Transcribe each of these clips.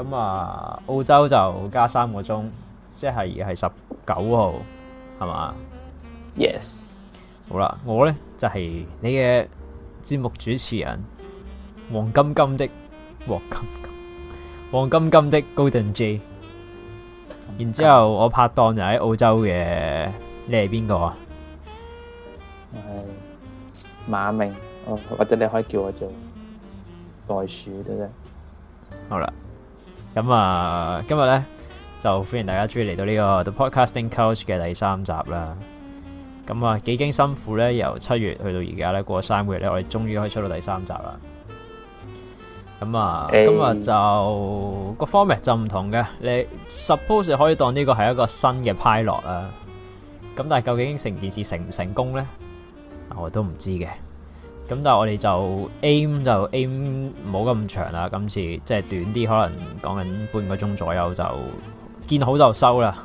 咁啊，澳洲就加三個鐘，即係而家係十九號，係嘛？Yes，好啦，我呢就係你嘅節目主持人黃金金的黃金金黃金金的 Golden Jay，然之後我拍檔就喺澳洲嘅，你係邊個啊？我係馬明，哦，或者你可以叫我做袋鼠都得，好啦。.咁啊，今日咧就歡迎大家終於嚟到呢個 The Podcasting Coach 嘅第三集啦。咁啊，幾經辛苦咧，由七月去到而家咧，過咗三個月咧，我哋終於可以出到第三集啦。咁啊，今日就 Hey. 個方面就唔同嘅，你 suppose 可以當呢個係一個新嘅 pilot 啦、啊。咁但係究竟成件事成唔成功咧？我都唔知嘅。咁但係我哋就 aim 就 aim 冇咁長啦，今次即係短啲，可能講緊半個鐘左右，就見好就收啦，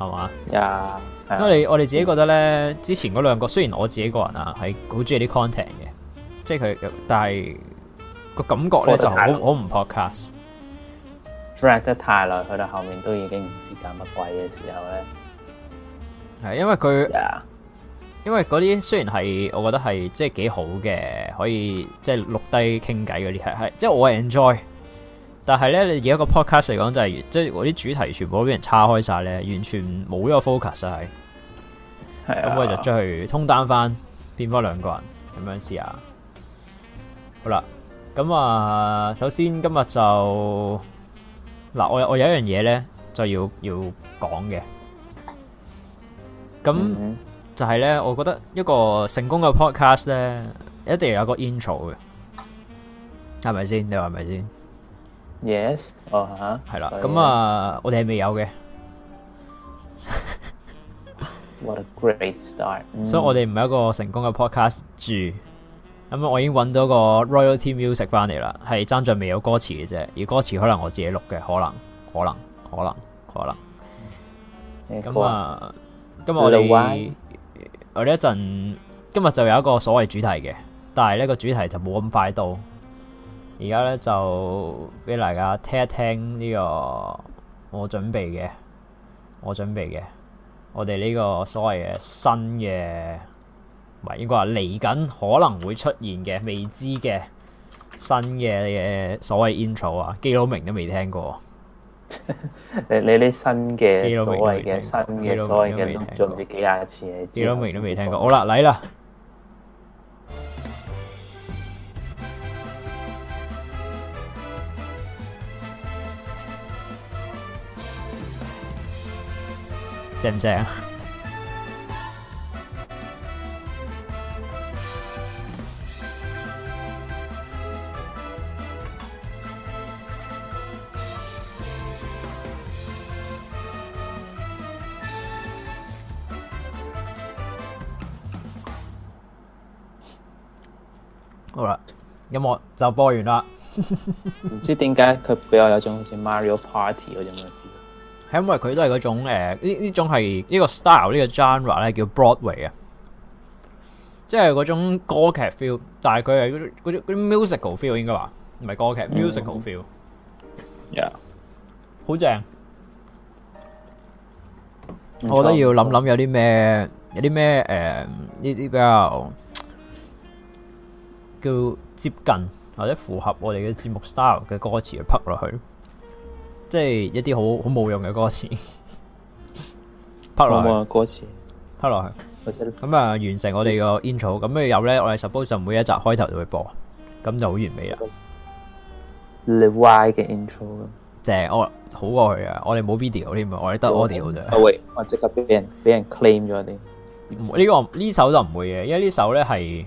係嘛？啊，Yeah, yeah, 因為我哋自己覺得咧，yeah. 之前嗰兩個雖然我自己個人啊係好中意啲 content 嘅，即係佢，但係個感覺咧就好好唔 podcast，drag 得太耐，去到很後面都已經唔知搞乜鬼嘅時候咧，係因為佢。Yeah. 因為嗰啲雖然係，我覺得係即係幾好嘅，可以即係錄低傾偈嗰啲係係，即係我係 enjoy。但係咧，你以一個 podcast 嚟講就係，即係嗰啲主題全部都俾人岔開晒咧，完全冇咗個 focus 係。係咁，的我就出去通單翻，變翻兩個人咁樣試下。好啦，咁啊，首先今日就嗱，我我有一樣嘢咧就要要講嘅，咁。嗯嗯但係咧，我覺得一個成功嘅 podcast 咧，一定要有個 intro 嘅，係咪先？你話係咪先？Yes，哦吓，係啦。咁啊，我哋係未有嘅。What a great start！Mm. 所以我哋唔係一個成功嘅 podcast 住。咁我已經揾到個 royalty music 翻嚟啦，係爭在未有歌詞嘅啫，而歌詞可能我自己錄嘅，可能可能可能可能。咁啊，咁我哋。我呢一陣今日就有一個所謂主題嘅，但係呢個主題就冇咁快到。而家咧就俾大家聽一聽呢個我準備嘅，我準備嘅我哋呢個所謂嘅新嘅，唔係應該話嚟緊可能會出現嘅未知嘅新嘅嘅所謂 intro 啊，基佬明都未聽過。你你啲新嘅所謂嘅新嘅所謂嘅錄咗唔知幾廿次，Ming 都未都未聽過。好啦，嚟啦，正唔正啊？好啦，音樂就播完啦。唔 知點解佢比較有種好似 Mario Party 嗰種 feel，係因為佢都係嗰種誒，呢、呃、呢種係呢個 style 個呢個 genre 咧叫 Broadway 啊，即係嗰種歌劇 feel，但係佢係嗰啲啲 musical feel 應該話唔係歌劇 musical feel，yeah，好正。我覺得要諗諗有啲咩，有啲咩誒，呢、呃、啲比較。叫接近或者符合我哋嘅節目 style 嘅歌詞去 pop 落去，即係一啲好好冇用嘅歌詞，pop 落去。歌詞，pop 落去。咁啊，完成我哋個 intro，咁啊有咧，我哋 suppose 每一集開頭就會播，咁就好完美啦。你 why 嘅 intro，正我好過去啊！我哋冇 video 添，我哋得 audio 啫。被這個、會，我即刻俾人俾人 claim 咗啲。呢個呢首就唔會嘅，因為這首呢首咧係。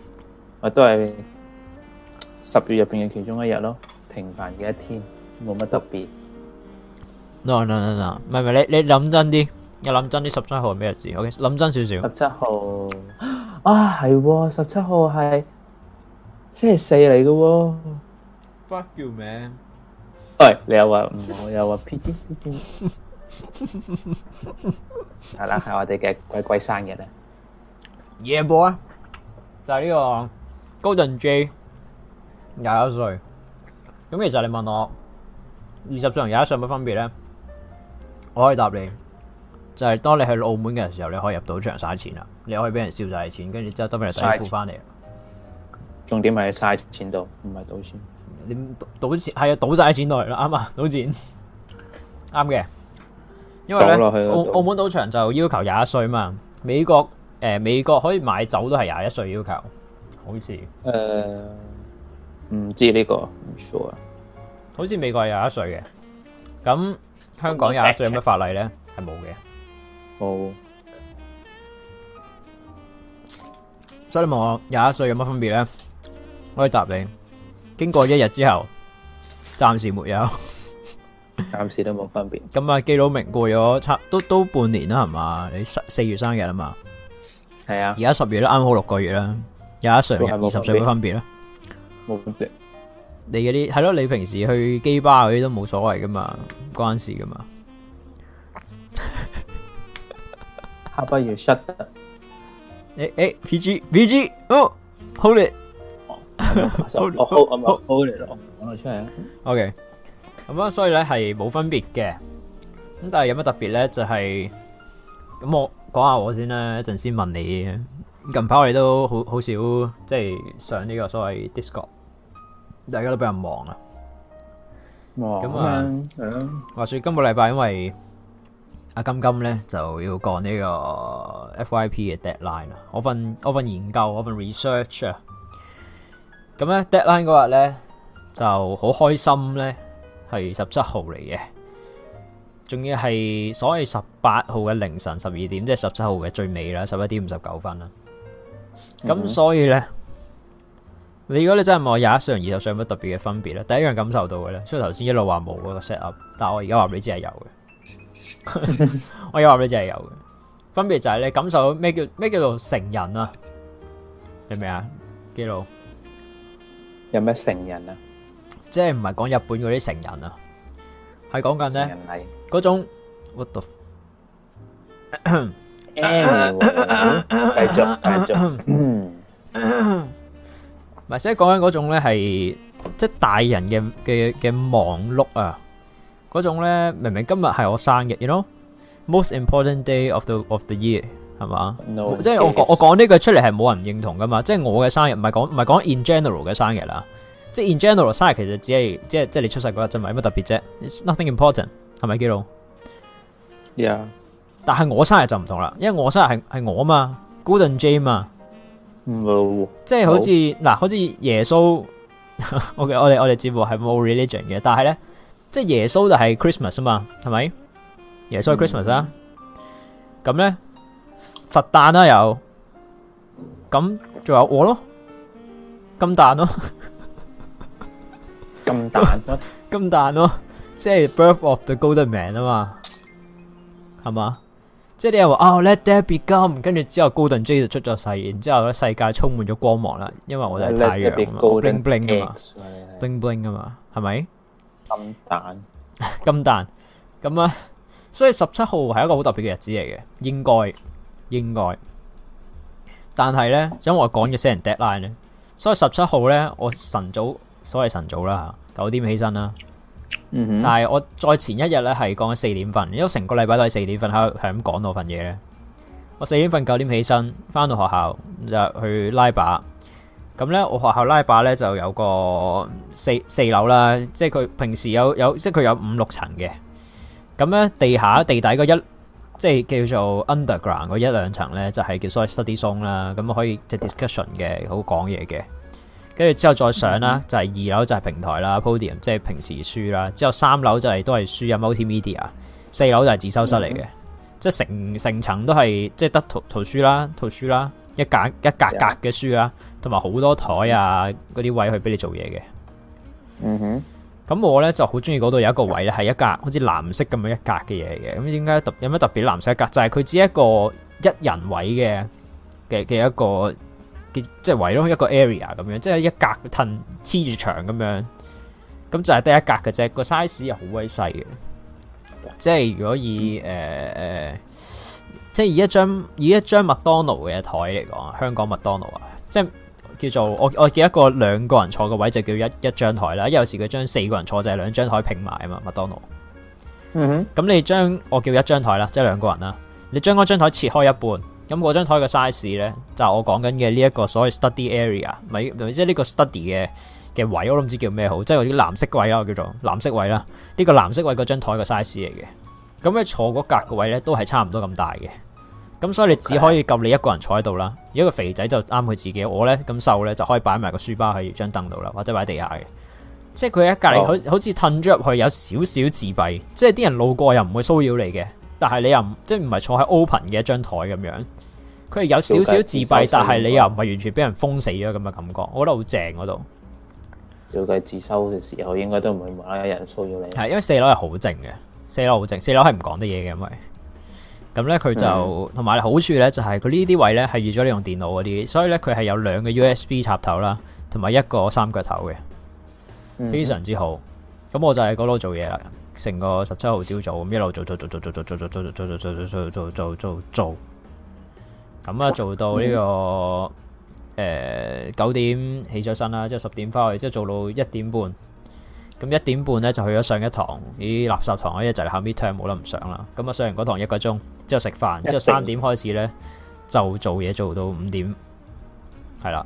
或都係十月入邊嘅其中一日咯，平凡嘅一天，冇乜特別。No no no no，唔係唔係，你你諗真啲，你諗真啲，十七號係咩日子？OK，諗真少少。十七號啊，係，十七號係，星期四嚟嘅。Fuck you, man！喂，你又話唔好，又話偏偏偏偏。係啦，係我哋嘅鬼鬼生日啊！Yeah boy，就係呢個。Golden Jay，廿一歲。咁其實你問我二十歲同廿一歲有乜分別咧？我可以答你，就係、是、當你去澳門嘅時候，你可以入賭場曬錢啦，你可以俾人笑晒錢，跟住之後得翻嚟底褲翻嚟。重點係曬錢到，唔係賭錢。你賭賭錢係啊，賭曬錢度啦，啱啊，賭錢。啱嘅，錢 因為咧呢澳澳門賭場就要求廿一歲嘛。美國誒、呃、美國可以買酒都係廿一歲要求。好似誒，唔、呃、知呢、呢個唔 sure 啊。好似美國係廿一歲嘅，咁香港廿一歲有咩法例咧？係冇嘅，好、嗯。所以你問我廿一歲有乜分別咧？我可以答你，經過一日之後，暫時沒有， 暫時都冇分別。咁啊，基佬明過咗差都都半年啦，係嘛？你四月生日啊嘛？係啊，而家十月都啱好六個月啦。廿一歲、二十歲嘅分別啦，冇分別。你嗰啲係咯，你平時去機巴嗰啲都冇所謂噶嘛，唔關事噶嘛。哈不有 shot？誒誒，P G P G，哦，hold it，哦，hold hold hold hold 嚟咯，攞出嚟啊。OK，咁啊，所以咧係冇分別嘅，咁但係有乜特別咧？就係咁，我講下我先啦，一陣先問你。近排我哋都好好少即係上呢個所謂 Discord，大家都比較忙啊。忙咁啊，係咯。話說今個禮拜因為阿金金咧就要趕呢個 FYP 嘅 deadline 啊，我份我份研究我份 research 啊，咁咧 deadline 嗰日咧就好開心咧，係十七號嚟嘅，仲要係所謂十八號嘅凌晨十二點，即係十七號嘅最尾啦，十一點五十九分啦。咁所以咧，你如果你真係問我廿一歲同二十歲有乜特別嘅分別咧，第一樣感受到嘅咧，雖然頭先一路話冇嗰個 set up，但係我而家話俾你知係有嘅，我而家話俾你知係有嘅，分別就係你感受咩叫咩叫做成人啊？明唔明啊，基佬？有咩成人啊？即係唔係講日本嗰啲成人啊？係講緊咧，嗰種 what the。繼續繼續，唔，咪先講緊嗰種咧，係即係大人嘅嘅嘅忙碌啊！嗰種咧，明明今日係我生日，you know，most important day of the of the year，係嘛 But no 即係我講 case. 我講呢句出嚟係冇人認同噶嘛？即係我嘅生日，唔係講唔係講 in general 嘅生日啦。即係 in general 生日其實只係即係即係你出世嗰日啫嘛，冇乜特別啫。It's nothing important，係咪叫咯？yeah。但係我生日就唔同啦，因為我生日係係我嘛，Golden Jay 嘛，即係好似嗱，好似耶穌，Okay，我我哋我哋節目係冇 religion 嘅，但係咧，即係耶穌就係 Christmas 啊嘛，係咪？耶穌係 Christmas 啊，咁咧佛誕啦又，咁仲有我咯，金誕咯，金誕咯，金誕咯，即係 Birth of the Golden Man 啊嘛，係嘛？即係你又話啊，Let there be 光，跟住之後 Golden Jay 就出咗世，然之後咧，世界充滿咗光芒啦，因為我哋係太陽啊嘛，bling bling 啊嘛，bling bling 啊嘛，係咪？金蛋，金蛋，咁啊，所以十七號係一個好特別嘅日子嚟嘅，應該，應該。但係咧，因為我講咗死人 deadline 咧，所以十七號咧，我晨早，所謂晨早啦，九點起身啦。嗯、但係我再前一日咧係講咗四點瞓，因為成個禮拜都係四點瞓，喺度係咁講我份嘢咧。我四點瞓，九點起身，翻到學校就去拉把。咁咧我學校拉把咧就有個四四樓啦，即係佢平時有有即係佢有五六層嘅。咁咧地下地底嗰一即係叫做 underground 嗰一兩層咧就係、是、叫所謂 study zone 啦，咁可以即係 discussion 嘅，好講嘢嘅。跟住之後再上啦，就係、是、二樓就係平台啦，podium，即係平時書啦。之後三樓就係都係書啊，multi-media。四樓就係自修室嚟嘅，即係成成層都係即係得圖圖書啦、圖書啦，一格一格格嘅書啦，同埋好多枱啊，嗰啲位去俾你做嘢嘅。嗯哼、mm，咁、hmm. 我咧就好中意嗰度有一個位咧，係一格好似藍色咁樣一格嘅嘢嘅。咁點解特有咩特別藍色一格？就係、是、佢只一個一人位嘅嘅嘅一個。即係圍咗一個 area 咁樣，即係一格吞黐住牆咁樣，咁就係得一格嘅啫。個 size 又好鬼細嘅，即係如果以誒誒、呃，即係以一張以一張麥當勞嘅台嚟講，香港麥當勞啊，即係叫做我我記得一個兩個人坐嘅位就叫一一張台啦。有時佢將四個人坐就係兩張台拼埋啊嘛，麥當勞。嗯哼、mm。咁、hmm. 你將我叫一張台啦，即、就、係、是、兩個人啦。你將嗰張台切開一半。咁嗰張台嘅 size 咧，就係、我講緊嘅呢一個所謂 study area，咪即係呢個 study 嘅嘅位，我都唔知叫咩好，即係啲藍色位啊，我叫做藍色位啦。呢、呢個藍色位嗰張台嘅 size 嚟嘅，咁咧坐嗰格個位咧都係差唔多咁大嘅。咁所以你只可以夠你一個人坐喺度啦。Okay. 如果一個肥仔就啱佢自己，我咧咁瘦咧就可以擺埋個書包喺張凳度啦，或者擺喺地下嘅。即係佢喺隔離好好似褪咗入去，有少少自閉，oh. 即係啲人路過又唔會騷擾你嘅，但係你又唔即係唔係坐喺 open 嘅一張台咁樣，佢係有少少自閉，但係你又唔係完全俾人封死咗咁嘅感覺，我覺得好正嗰度，小佢自修嘅時候應該都唔會無啦啦人騷擾你，係因為四樓係好靜嘅，四樓好靜，四樓係唔講啲嘢嘅，因為咁咧佢就同埋好處咧就係佢呢啲位咧係預咗你用電腦嗰啲，所以咧佢係有兩個 USB 插頭啦，同埋一個三腳頭嘅，非常之好。咁我就喺嗰度做嘢啦，成個十七號朝早咁一路做做做做做做做做做做做做做做做做。咁啊，做到呢、這個誒九、嗯呃、點起咗身啦，之後十點翻去，之後做到一點半。咁一點半咧就去咗上一堂，啲垃圾堂嗰啲就後屘 term 冇得唔上啦。咁啊上完嗰堂一個鐘，之後食飯，定之後三點開始咧就做嘢，做到五點，係啦，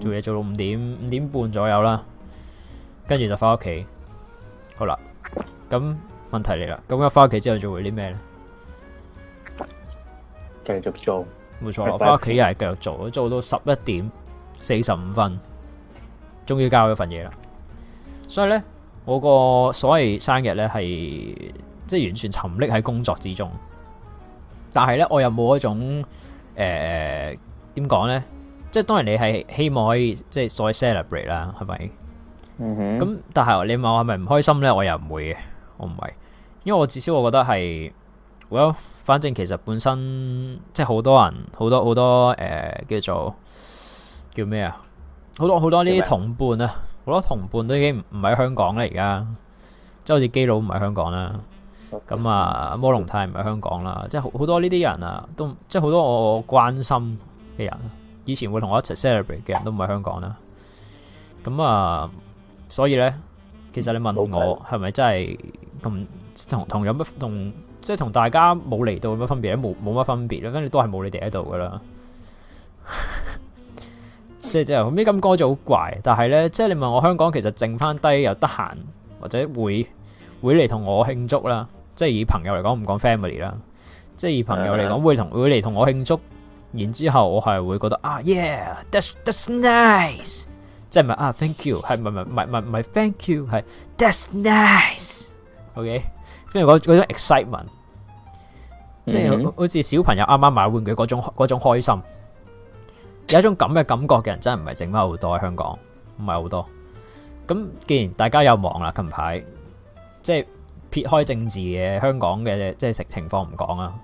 做嘢、嗯嗯、做到五點五點半左右啦，跟住就翻屋企。好啦，咁問題嚟啦，咁一翻屋企之後會做啲咩咧？繼續做。冇錯，我翻屋企又係繼續做，做到十一點四十五分，終於交咗份嘢啦。所以咧，我個所謂生日咧係即係完全沉溺喺工作之中。但係咧，我又冇一種誒點講咧，即係當然你係希望可以即所謂 celebrate 啦，係咪、mm？咁、hmm. 但係你問我係咪唔開心咧？我又唔會嘅，我唔係，因為我至少我覺得係，well。反正其實本身即係好多人，好多好多誒、呃，叫做叫咩啊？好多好多呢啲同伴啊，好麼多同伴都已經唔唔喺香港啦，而家即係好似基佬唔喺香港啦，咁啊 Okay.，摩隆泰唔喺香港啦。即係好多呢啲人啊，都即係好多我關心嘅人，以前會同我一齊 celebrate 嘅人都唔喺香港啦。咁啊，所以咧，其實你問我係咪真係咁 Okay. 同同有乜同？即係同大家冇嚟到有乜分別，冇冇乜分別啦，跟住都係冇你哋喺度噶啦。即係即係，咁啲咁歌就好怪。但係咧，即係你問我香港，其實剩翻低又得閒或者會會嚟同我慶祝啦。即係以朋友嚟講唔講 family 啦。即係以朋友嚟講、uh huh. 會同會嚟同我慶祝。然之後我係會覺得啊、uh huh. ah,，yeah，that's that's nice。即係咪啊，thank you 係唔係唔係唔係唔係 thank you 係 that's nice。OK。跟住嗰嗰種 excitement，即係好似小朋友啱啱買玩具嗰種嗰種開心，有一種咁嘅感覺嘅人真係唔係剩翻好多喺香港，唔係好多。咁既然大家有忙啦，近排即係撇開政治嘅香港嘅即係情況唔講啊，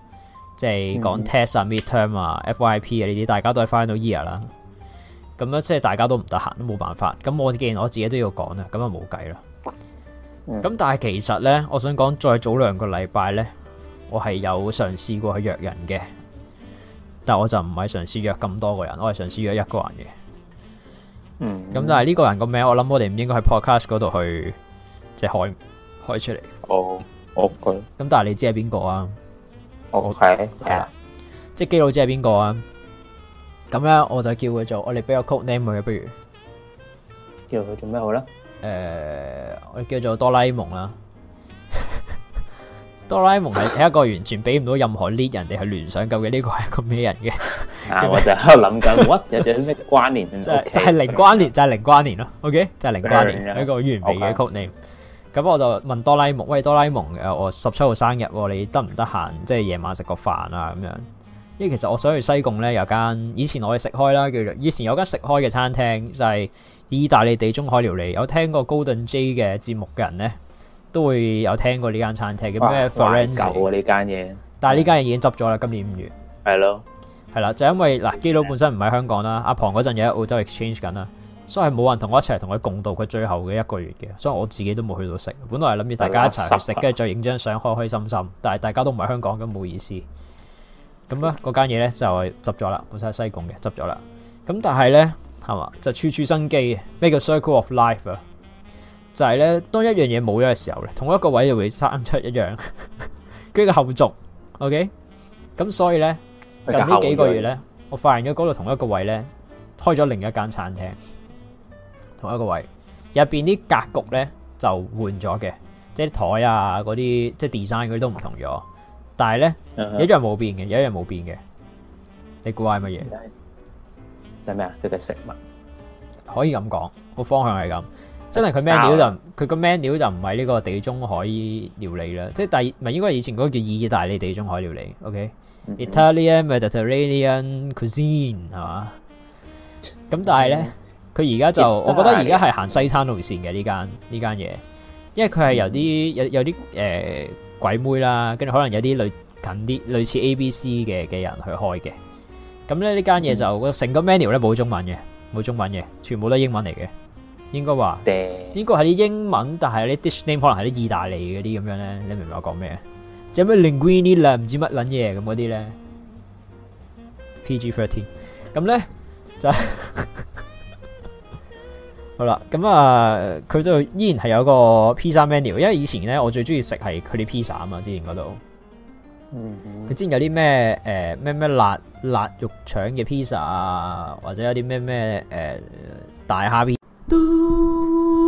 即係講 test 啊、midterm 啊、FYP 啊呢啲，大家都係 final year 啦。咁樣即係大家都唔得閒，都冇辦法。咁我既然我自己都要講啊，咁啊冇計啦。咁、嗯、但係其實咧，我想講再早兩個禮拜咧，我係有嘗試過去約人嘅，但係我就唔係嘗試約咁多個人，我係嘗試約一個人嘅。嗯。咁但係呢個人個名，我諗我哋唔應該喺 podcast 嗰度去即係、就是、開開出嚟。哦，ok。咁但係你知係邊個啊？哦，係係啊。即係基佬知係邊個啊？咁咧，我就叫佢做，我哋俾個 code name 佢不如，叫佢做咩好咧？誒、呃，我叫做哆啦 A 夢啦，哆啦 A 夢係一個完全俾唔到任何 lead 人哋去聯想嘅究竟呢個係一個咩人嘅、啊？我就喺度諗緊，哇， 有隻咩關聯？就就是、係零關聯， 就係、是、零關聯咯。O、okay? K，就係零關聯， 一個完美嘅 codename。咁 Okay. 我就問哆啦 A 夢，喂，哆啦 A 夢，誒，我十七號生日，你得唔得閒？即係夜晚食個飯啊，咁樣。因為其實我想去西貢咧，有間以前我哋食開啦，叫做以前有間食開嘅餐廳就係、是。意大利地中海料理，有聽過 Golden Jay 嘅節目嘅人呢，都會有聽過呢間餐廳嘅咩？Firenze 呢間嘢，zi, 但係呢間嘢已經執咗啦。今年五月係咯，係啦的，就是、因為嗱，基佬本身唔喺香港啦，阿龐嗰陣嘢喺澳洲 exchange 緊啦，所以冇人同我一齊同佢共度佢最後嘅一個月嘅，所以我自己都冇去到食。本來係諗住大家一齊去食，跟住的再影張相，開開心心。但係大家都唔喺香港，咁冇意思。咁呢，嗰間嘢呢，就係執咗啦，本身喺西貢嘅執咗啦。咁但係呢。係嘛，就處處生機，咩叫 circle of life 啊？就係咧，當一樣嘢冇咗嘅時候咧，同一個位就會生出一樣，跟住個後續，OK？咁所以咧，近呢幾個月咧，我發現咗嗰度同一個位咧，開咗另一間餐廳，同一個位，入邊啲格局咧就換咗嘅，即係台啊，嗰啲即係 design 嗰啲都唔同咗，但係咧，uh huh. 有一樣冇變嘅，有一樣冇變嘅，你估係乜嘢？即係咩啊？佢嘅食物可以咁講，個方向係咁。真係佢 menu 就佢個 menu 就唔係呢個地中海料理啦，即係第唔係應該係以前嗰個叫意大利地中海料理。OK，Italian Mediterranean cuisine 係嘛？咁但係咧，佢而家就我覺得而家係行西餐路線嘅呢間呢間嘢，因為佢係有啲有有啲誒鬼妹啦，跟住可能有啲類近啲類似 ABC 嘅嘅人去開嘅。咁咧呢間嘢就成個 menu 咧冇中文嘅，冇中文嘅，全部都係英文嚟嘅，應該話，應該係啲英文，但係啲 dish name 可能係啲意大利嗰啲咁樣咧，你明白我講咩？即係咩 linguini 啦，唔知乜撚嘢咁嗰啲咧，PG13。咁咧就係 好啦。咁啊，佢、呃、就依然係有個 pizza menu，因為以前咧我最中意食係佢啲 pizza 啊嘛，之前嗰度。佢、嗯、之前有啲咩誒咩咩辣辣肉腸嘅披薩啊，或者有啲咩咩誒大蝦片。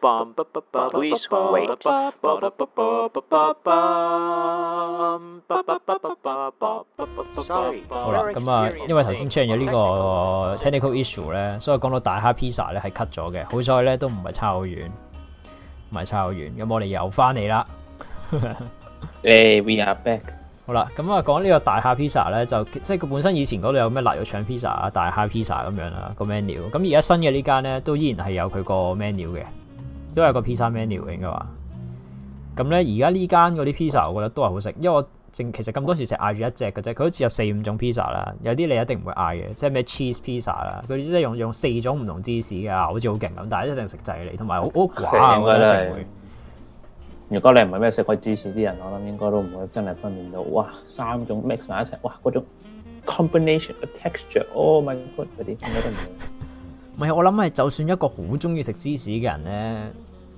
好啦，咁啊，因為頭先出現咗呢個 technical issue 咧、so is well,，所以講到大蝦披薩咧係 cut 咗嘅。好在咧都唔係差好遠，唔係差好遠。咁我哋又翻嚟啦。誒, we are back. 好啦，咁啊，講呢個大蝦披薩咧，就即係佢本身以前嗰度有咩辣肉腸披薩啊、大蝦披薩咁樣啦個 menu。咁而家新嘅呢間咧都依然係有佢個 menu 嘅。都係個 pizza menu 應該話，咁咧而家呢間嗰啲 pizza 我覺得都係好食，因為我淨其實咁多時食嗌住一隻嘅啫，佢好似有四五種 pizza 啦，有啲你一定唔會嗌嘅，即係咩 cheese pizza 啦，佢即係用用四種唔同芝士嘅，好似好勁咁，但係一定食滯你，同埋好好寡我覺得一定會。如果你唔係咩食過芝士啲人，我諗應該都唔會真係分辨到，哇，三種 mix 埋一齊，哇，嗰種 combination 嘅 texture，oh my god，o 唔係唔係，我諗係就算一個好中意食芝士嘅人咧，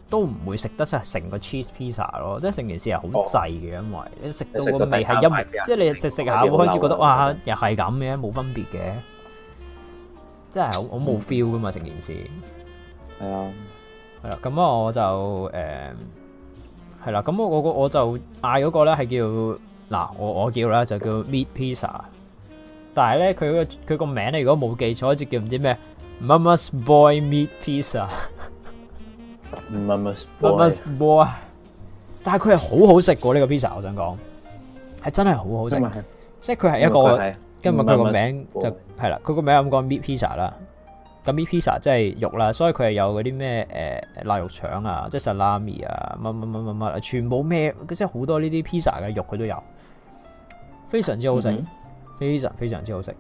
都唔會食得成成個 cheese pizza 咯，即係成件事係好滯嘅，因為你食到個味係一，即係你食食下會開始覺得哇，又係咁嘅，冇分別嘅，真係好冇 feel 噶嘛，成件事。係啊，係啦，咁啊，我就誒係啦，咁我我我我就嗌嗰個咧係叫嗱，我我叫啦就叫 meat pizza，但係咧佢個佢個名咧，如果冇記錯，好似叫唔知咩。Mama's Boy Meat Pizza，Mama's boy. Mama's boy，但係佢係好好食過呢個 pizza，我想講係真係好好食，是是即係佢係一個，是是是今日佢個名 Mama's boy 就係啦，佢個名咁講 Meat Pizza 啦，咁 Meat Pizza 即係肉啦，所以佢係有嗰啲咩誒臘肉腸啊，即係 Salami 啊，乜乜乜乜乜，全部咩，即係好多呢啲 pizza 嘅肉佢都有，非常之好食，mm hmm. 非常非常之好食。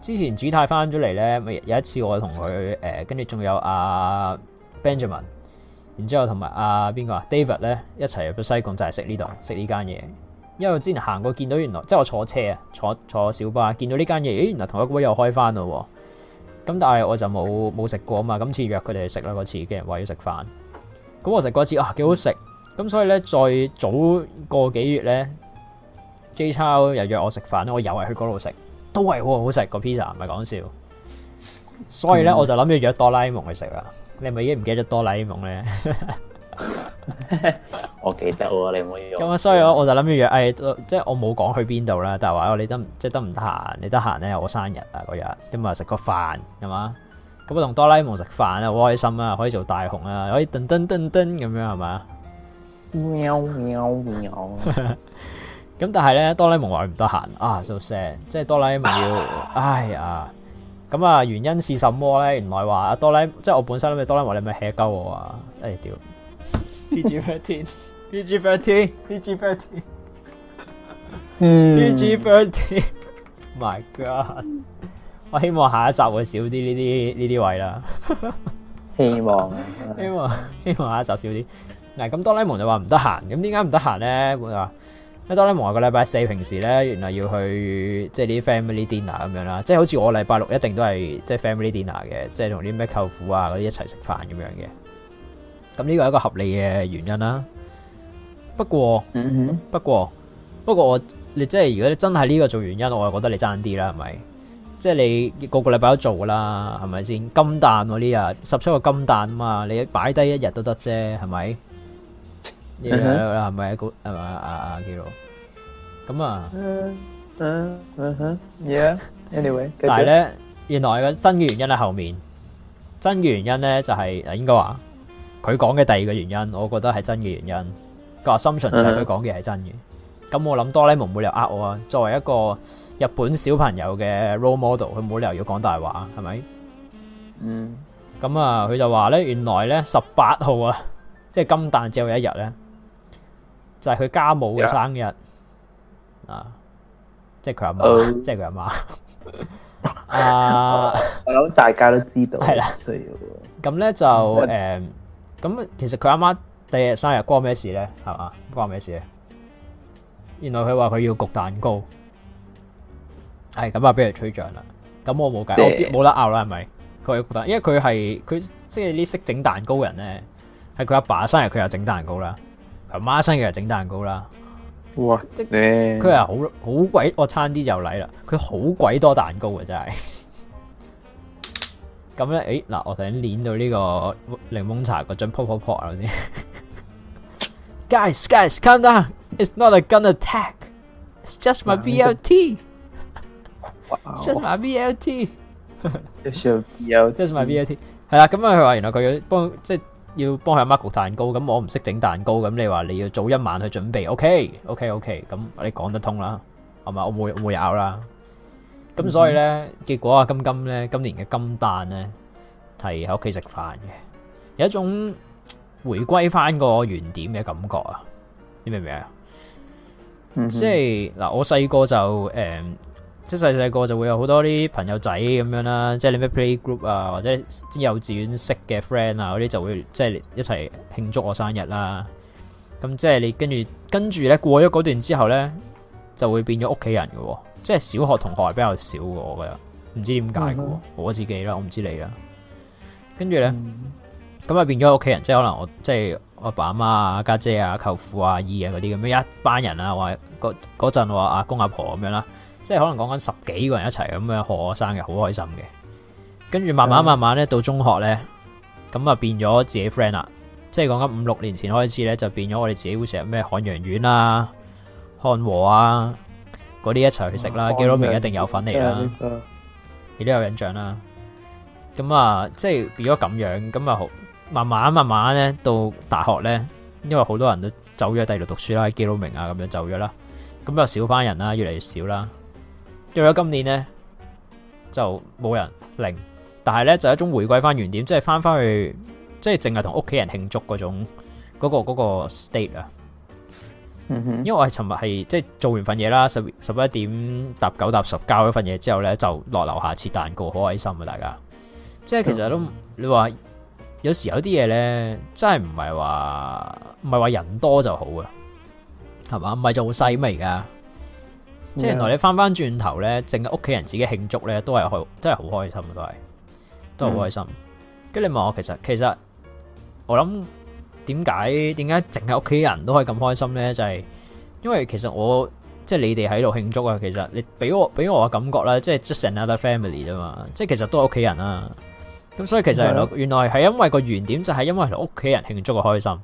之前主太翻咗嚟咧，咪有一次我同佢誒，跟住仲有阿、啊、Benjamin，然之後同埋阿邊個啊 David 咧一齊入咗西貢，就係食呢度食呢間嘢。因為我之前行過見到原來，即係我坐車啊，坐坐小巴見到呢間嘢，咦原來同一個位又開翻咯喎。咁但係我就冇冇食過啊嘛，今次約佢哋去食啦嗰次，跟住話要食飯。咁我食過一次啊，幾好食。咁所以咧，再早個幾月咧，Jay 超又約我食飯咧，我又係去嗰度食。都係喎、哦，好食個 pizza，唔係講笑。所以咧，我就諗住約哆啦 A 夢去食啊。你係咪已經唔記得哆啦 A 夢咧？ 我記得喎，你唔可以。咁啊、嗯，所以我，我就諗住約誒，即係我冇講去邊度啦，但係話我你得即係得唔得閒？你得閒咧，我生日啊嗰日，咁啊食個飯，係嘛？咁我同哆啦 A 夢食飯咧，好開心啦，可以做大雄啦，可以噔噔噔噔咁樣係嘛？喵喵喵！ 咁但係咧，哆啦 A 夢話唔得閒啊，so sad，即係哆啦 A 夢要，哎呀，咁啊原因是什麼咧？原來話多哆啦，即係我本身咧，哆啦 A 夢你咪吃 e 鳩我啊，哎屌 ，PG thirteen，PG thirteen，PG thirteen，嗯，PG thirteen，my、 hmm. god，我希望下一集會少啲呢啲呢啲位啦， 希望， 希望希望下一集少啲，嗱咁哆啦 A 夢就話唔得閒，咁點解唔得閒咧？會話。咁多啲望下個禮拜四平時咧，原來要去即係啲 family dinner 咁樣啦，即係好似我禮拜六一定都係即係 family dinner 嘅，即係同啲咩舅父啊嗰啲一齊食飯咁樣嘅。咁呢個係一個合理嘅原因啦。不過，嗯哼，不過，不過我你即係如果你真係呢個做原因，我就覺得你爭啲啦，係咪？即係你個個禮拜都做啦，係咪先？金蛋嗰啲啊，十七個金蛋啊嘛，你擺低一日都得啫，係咪？係咪啊？啊啊啊！叫做咁啊，嗯嗯哼，yeah，anyway。但係咧，原來個真嘅原因喺後面，真嘅原因咧就係，啊應該話佢講嘅第二個原因，我覺得係真嘅原因。個 assumption 就係佢講嘅係真嘅。咁我諗哆啦 A 夢冇理由呃我啊。作為一個日本小朋友嘅 role model，佢冇理由要講大話，係咪？嗯。咁啊，佢就話咧，原來咧十八號啊，即係金蛋只有一日咧。就係佢家母嘅生日 Yeah. 啊，即係佢阿媽，uh. 即係佢阿媽。啊， 我諗大家都知道係啦，需要咁咧就誒，咁、嗯、其實佢阿媽第二日生日關咩事咧？係、啊、嘛，關咩事？原來佢話佢要焗蛋糕，係咁啊，俾人吹脹啦。咁 Yeah. 我冇計，冇得拗啦，係咪？佢因為佢係佢即係啲識整蛋糕嘅人咧，係佢阿爸生日，佢又整蛋糕啦。佢媽生日又整蛋糕啦，哇！即係佢係好好鬼，我差啲就嚟啦。佢好鬼多蛋糕啊，真係。咁咧，誒嗱，我突然間攣到呢個檸檬茶嗰樽撲撲撲啊先。Guys，guys，calm down，it's not a gun attack，it's just my BLT，just my BLT，just my BLT，係啦。咁啊，佢話原來佢要幫即係。要幫佢阿 Mark 焗蛋糕，咁我唔識整蛋糕，咁你話你要早一晚去準備，OK，OK，OK，咁你講得通啦，係咪？我唔會唔會拗啦。咁所以咧，結果啊金金咧，今年嘅金蛋咧係喺屋企食飯嘅，有一種回歸翻個原點嘅感覺啊！你明唔明啊？即係嗱，我細個就誒。即係細細個就會有好多啲朋友仔咁樣啦，即係你咩 playgroup 啊，或者幼稚園識嘅 friend 啊嗰啲就會即係一齊慶祝我生日啦。咁即係你跟住跟住咧過咗嗰段之後咧，就會變咗屋企人嘅。即係小學同學係比較少嘅，我覺得，唔知點解嘅。的我自己啦，我唔知你啦。跟住咧，咁啊、嗯、變咗屋企人，即係可能我即係阿爸阿媽啊、家姐啊、舅父阿姨啊嗰啲咁樣一班人啊，話嗰嗰陣話阿公阿婆咁樣啦。即係可能講緊十幾個人一齊咁樣賀我生日，好開心嘅。跟住慢慢慢慢咧，到中學咧，咁啊變咗自己 friend 啦。即係講緊五六年前開始咧，就變咗我哋自己會成日咩漢陽苑啦、漢和啊嗰啲一齊去食啦。人基佬明一定有份嚟啦，你都有印象啦。咁啊，即係變咗咁樣，咁啊，慢慢慢慢咧，到大學咧，因為好多人都走咗，第二度讀書啦，基佬明啊咁樣就走咗啦，咁又少返人啦，越嚟越少啦。到咗今年呢，就冇人零，但係呢，就一種回歸翻原點，即係翻返去，即係淨係同屋企人慶祝嗰種，嗰、個嗰、個 state 啊。嗯、哼因為我係尋日係即係做完份嘢啦，十十一點搭九搭十交咗份嘢之後呢，就落樓下切蛋糕，好開心啊！大家，即係其實都你話，有時有啲嘢呢，真係唔係話唔係話人多就好啊，係嘛？唔係就好細味噶。即係原來你翻翻轉頭咧，淨係屋企人自己慶祝咧，都係好，真係好開心都係，都係好開心。跟住、嗯、你問我，其實其實我諗點解點解淨係屋企人都可以咁開心咧？就係、是、因為其實我即係你哋喺度慶祝啊！其實你俾我俾我嘅感覺啦，即係 just another family 啊嘛！即係其實都係屋企人啦、啊。咁所以其實原來、嗯、原來係因為個原點就係、是、因為同屋企人慶祝嘅開心。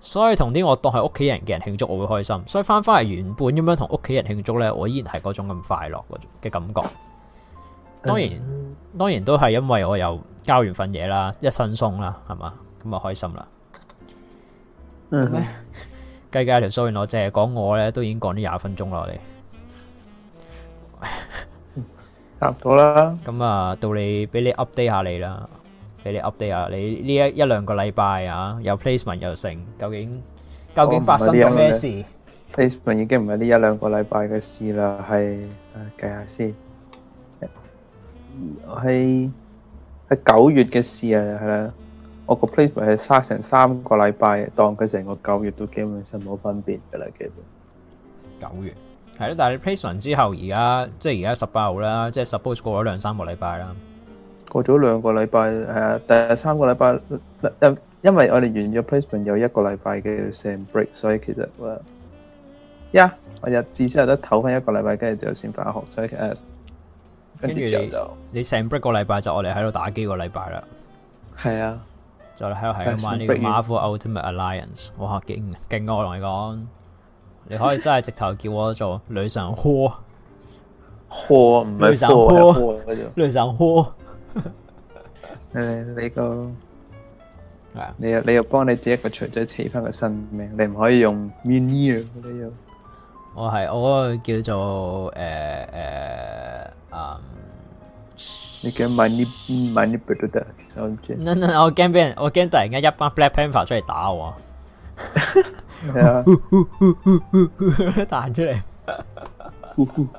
所以同啲我當係屋企人嘅人慶祝，我會開心，所以翻翻嚟原本咁樣同屋企人慶祝咧，我依然係嗰種咁快樂嘅感覺。當然，嗯、當然都係因為我又交完份嘢啦，一身鬆啦，係嘛，咁啊開心啦。嗯，計計一條數，我淨係講我咧，都已經講咗廿分鐘啦，你差唔多啦。咁 啊，到你俾你 update 下你啦。俾你 update 啊！你呢一一兩個禮拜啊，有 placement 又成，究竟究竟發生咗咩事？placement 已經唔係呢一兩個禮拜嘅事啦，係計下先。係係九月嘅事啊，係啦。我 pl 個 placement 係曬成三個禮拜，當佢成個九月都基本上冇分別嘅啦，基本上。九月係咯，但係你 placement 之後，而家即係而家十八號啦，即係 suppose 過咗兩三個禮拜啦。過咗兩個禮拜，係第三個禮拜，因因為我哋完咗 placement 有一個禮拜嘅成 break，所以其實，呀、yeah，我就至少有得唞翻一個禮拜，跟住之後就先返學，所以誒，跟住就你成 break 個禮拜就我哋喺度打機個禮拜啦。係啊，就喺度喺度玩呢個《Marvel Ultimate Alliance》。哇，勁勁啊！我同你講，你可以真係直頭叫我做女神貨，貨女神貨貨，女神貨。誒，你個，你又你又幫你自己一個錘仔起翻個新名，你唔可以用 mini，你要我係我叫做誒誒，嗯，你驚 money money brother，都得。嗱嗱，我驚俾人，我驚突然間一班 Black Panther 出嚟打我。彈出嚟。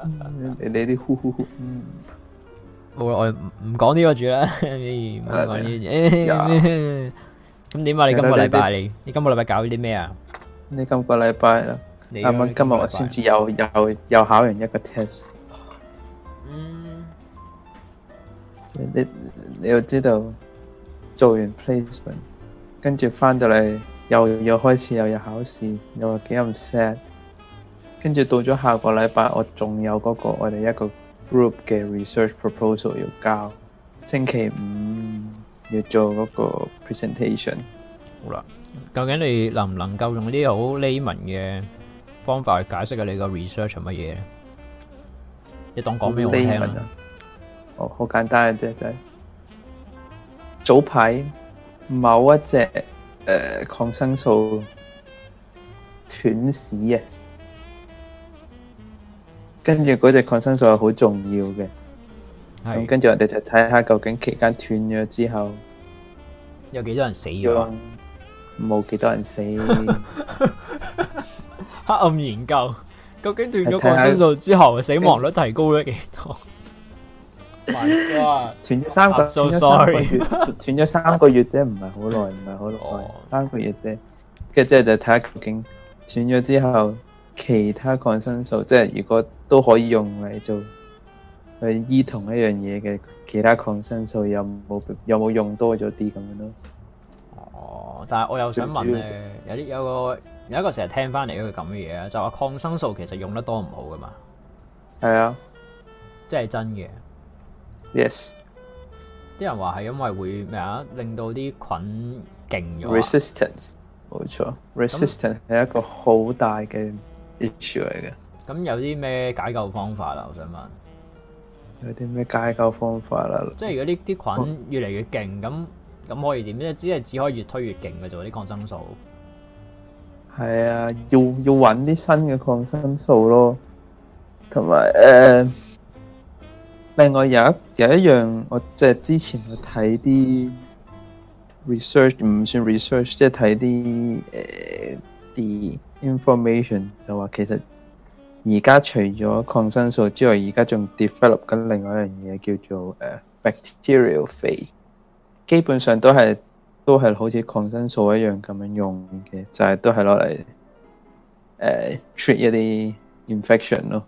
嗯，你你你。我唔講呢個住啦，咁點啊？你今個禮拜你你今個禮拜搞啲咩啊？你今個禮拜啱啱，今日我先至又又又考完一個 test。嗯，你你要知道做完 placement，跟住翻到嚟又要開始又要考試，又話幾咁 sad，跟住到咗下個禮拜我仲有嗰個我哋一個。group 嘅 research proposal 要交，星期五要做嗰個 presentation。好啦，究竟你能唔能夠用啲好 layman 嘅方法去解釋下你個 research 係乜嘢？你當講俾我聽啊！哦，好簡單一啲啫。早排某一隻誒、呃、抗生素斷市。啊！跟住嗰隻抗生素係好重要嘅，咁跟住我哋就睇下究竟期間斷咗之後，有幾多人死咗？冇幾多人死。黑暗研究，究竟斷咗抗生素之後死亡率提高咗幾多？唔多，斷咗三個月，斷咗三個月啫，唔係好耐，唔係好耐，三個月啫。跟住即係就睇下究竟斷咗之後，其他抗生素即係如果。都可以用嚟做去醫同一樣嘢嘅其他抗生素有冇有冇用多咗啲咁樣咯？哦，但係我又想問你，Do you 有啲有個有一個成日聽翻嚟嘅咁嘅嘢啊，就話抗生素其實用得多唔好噶嘛？係啊，即係真嘅。Yes，啲人話係因為會咩啊？令到啲菌勁咗，resistance 冇錯，resistance 係那一個好大嘅 issue 嚟嘅。咁有啲咩解救方法啊？我想問，有啲咩解救方法啊？即係如果呢啲菌越嚟越勁，咁咁、oh. 可以點咧？只係只可以越推越勁嘅啫，啲抗生素。係啊，要要搵啲新嘅抗生素咯，同埋誒，uh, 另外有一有一樣，我即係之前去睇啲 research，唔算 research，即係睇啲誒啲、uh, information，就話其實。而家除咗抗生素之外，而家仲 develop 緊另外一樣嘢叫做誒 bacterial phage，基本上都係都係好似抗生素一樣咁樣用嘅，就係、是、都係攞嚟誒 treat 一啲 infection 咯。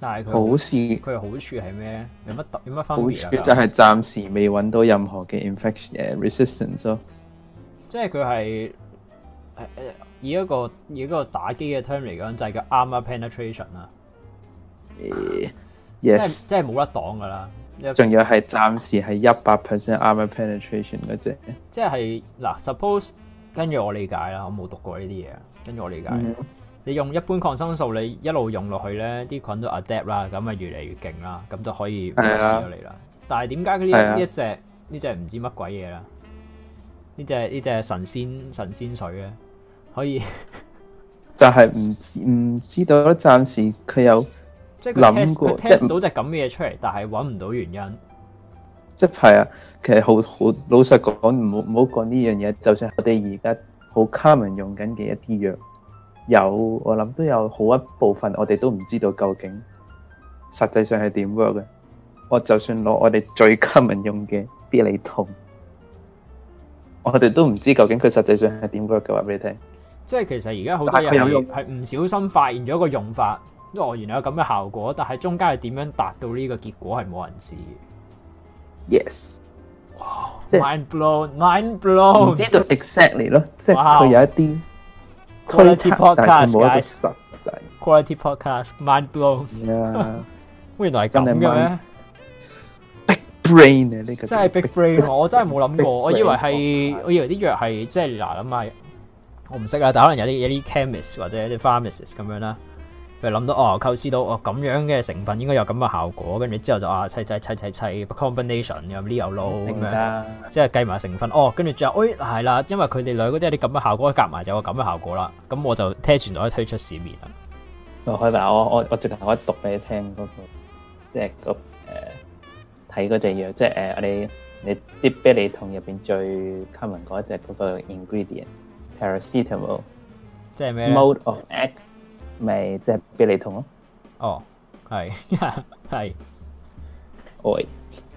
但係佢好事佢嘅好處係咩咧？有乜特有乜分別啊？好處就係暫時未揾到任何嘅 infection 誒 resistance 咯，即係佢係。誒，以一個以一個打機嘅 term 嚟講，就係叫 armour penetration 啦。Yes，即係冇得擋噶啦，仲要係暫時係一百 percent armour penetration 嗰隻。即係嗱，suppose 跟住我理解啦，我冇讀過呢啲嘢，跟住我理解，理解嗯、你用一般抗生素，你一路用落去咧，啲菌都 adapt 啦，咁啊越嚟越勁啦，咁就可以冇事咗你啦。的但係點解呢呢的一隻呢隻唔知乜鬼嘢啦？呢隻呢隻神仙神仙水咧？可以，就係唔唔知道，暫時佢有即係諗過，即即到即咁嘅嘢出嚟，就是，但係揾唔到原因。即係係啊，其實好好老實講，唔好唔好講呢樣嘢。就算我哋而家好 common 用緊嘅一啲藥，有我諗都有好一部分，我哋都唔知道究竟實際上係點 work 嘅。我就算攞我哋最 common 用嘅必理痛，我哋都唔知究竟佢實際上係點 work 嘅話俾你聽。即係其實而家好多嘢係唔小心發現咗一個用法，因為我原來有咁嘅效果，但係中間係點樣達到呢個結果係冇人知。Yes，mind blown，mind blown 唔知道 exactly 咯，即係佢有一啲 quality podcast 推測，但係冇得實際。Quality podcast，mind blown。原來係咁嘅咩？Big brain 啊，呢個真係 big brain，我真係冇諗過，我以為係我以為啲藥係即係嗱咁係。我唔識啦，但可能有啲有啲 chemist 或者有啲 pharmacist 咁樣啦。佢諗到哦，構思到哦咁樣嘅成分應該有咁嘅效果，跟住之後就啊砌砌砌砌砌 combination 咁呢又攞咁樣，即係計埋成分哦。跟住最後，誒係啦，因為佢哋兩個都有啲咁嘅效果，夾埋就有個咁嘅效果啦。咁我就聽傳媒推出市面啦、哦。我可話我我直頭可以讀俾你聽嗰、那個，即、就、係、是那個睇嗰隻藥，即係誒我你啲玻璃同入邊最 common 嗰一隻嗰個 ingredient。Paracetamol 即係咩？Mode of act 咪即係別離痛咯。哦，係係，O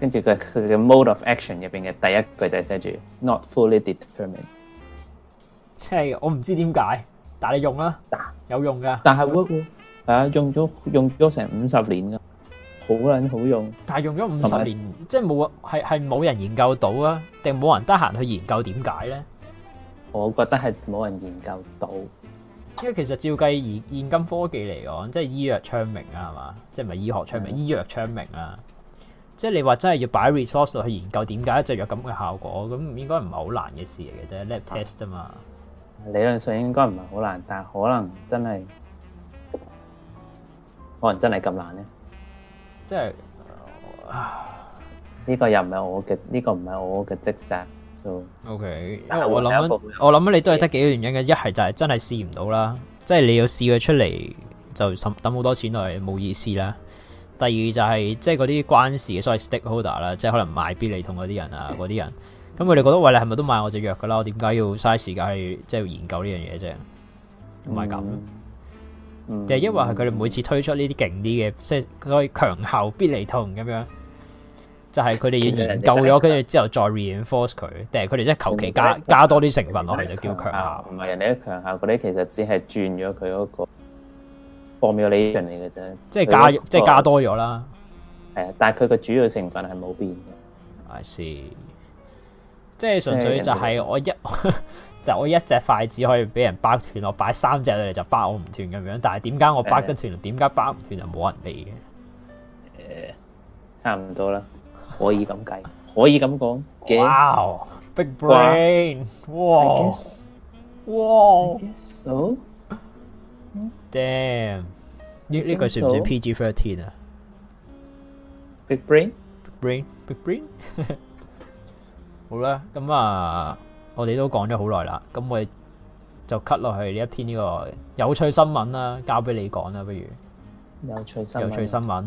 跟住佢佢嘅 mode of action 入邊嘅第一句就寫住 not fully determined，即係我唔知點解，但係用啦，但有用噶，但係 work 係啊，用咗用咗成五十年咯，好撚好用，但係用咗五十年，有即係冇係係冇人研究到啊，定冇人得閒去研究點解咧？我覺得係冇人研究到的，因為其實照計現現今科技嚟講，即係醫藥昌明啊，係嘛，即係唔係醫學昌明，是的醫藥昌明啊。即係你話真係要擺 resource 落去研究點解隻藥咁嘅效果，咁應該唔係好難嘅事嚟嘅啫，lab test 啊嘛。理論上應該唔係好難，但係可能真係，可能真係咁難咧。即係，呢、呃、呢個又唔係我嘅，呢、呢個唔係我嘅職責。O K，因為我諗我諗你都係得幾個原因嘅，一係就係真係試唔到啦，即係你要試佢出嚟就抌好多錢落去冇意思啦。第二就係即係嗰啲關事嘅所謂 stakeholder 啦，即係可能買必理痛嗰啲人啊，嗰啲人，咁佢哋覺得喂你係咪都買我隻藥噶啦？我點解要嘥時間去即係研究呢樣嘢啫？唔係咁，但、嗯、係因為係佢哋每次推出呢啲勁啲嘅，即係可以強效必理痛咁樣。就係佢哋要研究咗，跟住之後再 reinforce 佢，定係佢哋即係求其加加多啲成分落去就叫強效？唔係人哋啲強效嗰啲其實只係轉咗佢嗰個 formula 嚟嘅啫，即係加即係加多咗啦。係啊，但係佢個主要成分係冇變。I see，即係純粹就係我一的 就我一隻筷子可以俾人掰斷，我擺三隻你嚟就掰我唔斷咁樣。但係點解我掰得斷，點解掰唔斷就冇人理嘅？誒，差唔多啦。可以咁計，可以咁講。Wow！Big brain，哇！哇！Damn！呢呢個算唔算 PG13 啊？Big brain，big brain，big brain。好啦，咁啊，我哋都講咗好耐啦，咁我哋就 cut 落去呢一篇呢個有趣新聞啦，交俾你講啦，不如。有趣新聞。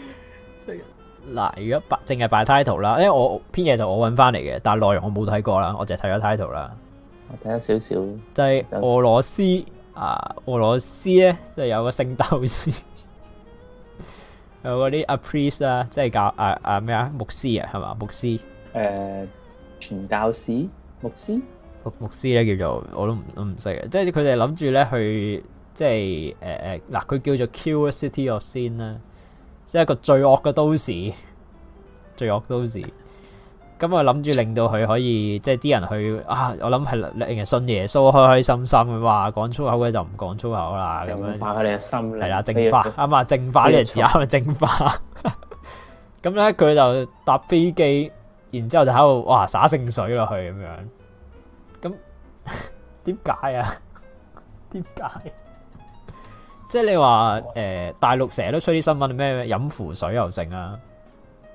嗱，如果淨淨係擺 title 啦，因為我篇嘢就我揾翻嚟嘅，但係內容我冇睇過啦，我，只我點點就睇咗 title 啦。睇咗少少，就係俄羅斯啊，俄羅斯咧就是、有個聖鬥士， 有嗰啲 a priest 啊，即係教啊啊咩啊，牧師啊，係嘛，牧師，誒，傳、呃、教士，牧師，牧，牧師師咧叫做，我都唔我唔識嘅，即係佢哋諗住咧去，即係誒誒，嗱、啊，佢、啊啊、叫做 Cure City of Sin 啦。即係一個罪惡嘅都市，罪惡嘅都市。咁我諗住令到佢可以，即係啲人去啊，我諗係令人信耶穌可以可以深深，開開心心嘅嘛。講粗口嘅就唔講粗口啦。淨化佢哋嘅心靈，係啦樣，淨化，啱啊如，淨化你哋嘅心去淨化。咁咧，佢就搭飛機，然之後就喺度哇灑聖水落去咁樣。咁點解啊？點解？即係你話誒，大陸成日都吹啲新聞咩飲符水又剩啊，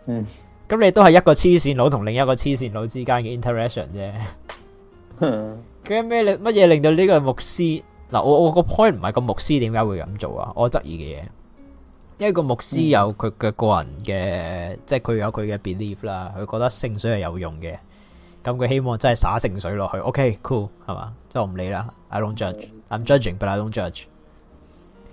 嗯，咁你都係一個黐線佬同另一個黐線佬之間嘅 interaction 啫。咁咩令乜嘢令到呢個牧師嗱，我我個 point 唔係個牧師點解會咁做啊？我質疑嘅嘢，因為個牧師有佢嘅個人嘅，mm. 即係佢有佢嘅 belief 啦，佢覺得聖水係有用嘅，咁佢希望真係灑聖水落去。OK，cool，okay, 係嘛，即係我唔理啦。I don't judge，I'm judging but I don't judge。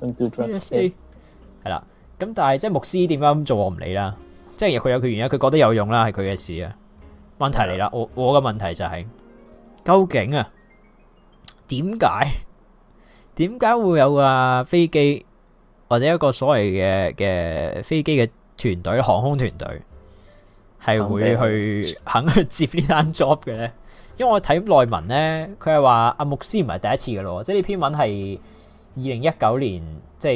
U.S.A. 係啦，咁但係即係牧師點解咁做，我唔理啦。即係佢有佢原因，佢覺得有用啦，係佢嘅事啊。問題嚟啦，我我嘅問題就係、是、究竟啊，點解點解會有啊飛機或者一個所謂嘅嘅飛機嘅團隊、航空團隊係會去肯，肯去接呢單 job 嘅咧？因為我睇內文咧，佢係話阿牧師唔係第一次噶咯，即係呢篇文係。二零一九年即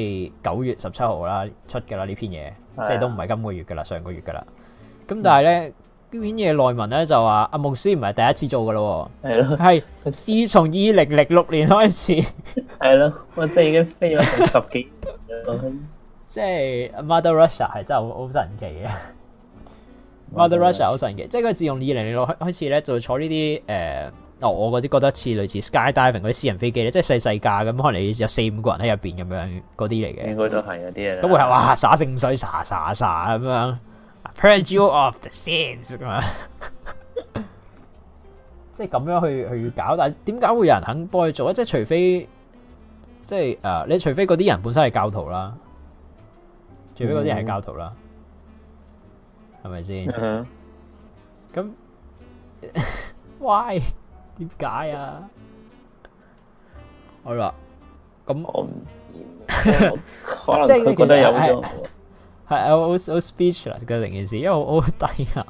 係九月十七號啦，出噶啦呢篇嘢，即係都唔係今個月噶啦，上個月噶啦。咁但係咧，呢篇嘢內文咧就話阿牧師唔係第一次做噶咯，係咯，係自從二零零六年開始，係咯，我真係已經飛咗成十幾年，即係 Mother Russia 係真係好神奇嘅，Mother Russia 好神奇，即係佢自從二零零六開開始咧就坐呢啲誒。哦、我嗰啲覺得似類似 skydiving 嗰啲私人飛機咧，即係細細架咁，可能你有四五個人喺入邊咁樣嗰啲嚟嘅。應該都係嗰啲嘢，都會係哇耍聖水耍耍耍咁樣，purge of the sins 咁啊，即係咁樣去去搞，但係點解會有人肯幫佢做咧？即係除非，即係誒、啊，你除非嗰啲人本身係教徒啦，除非嗰啲係教徒啦，係咪先？咁 why？點解啊？ 好啦咁，我唔知， 可能佢覺得有咁，係係我我 speech 嘅成件事，因為我好低啊。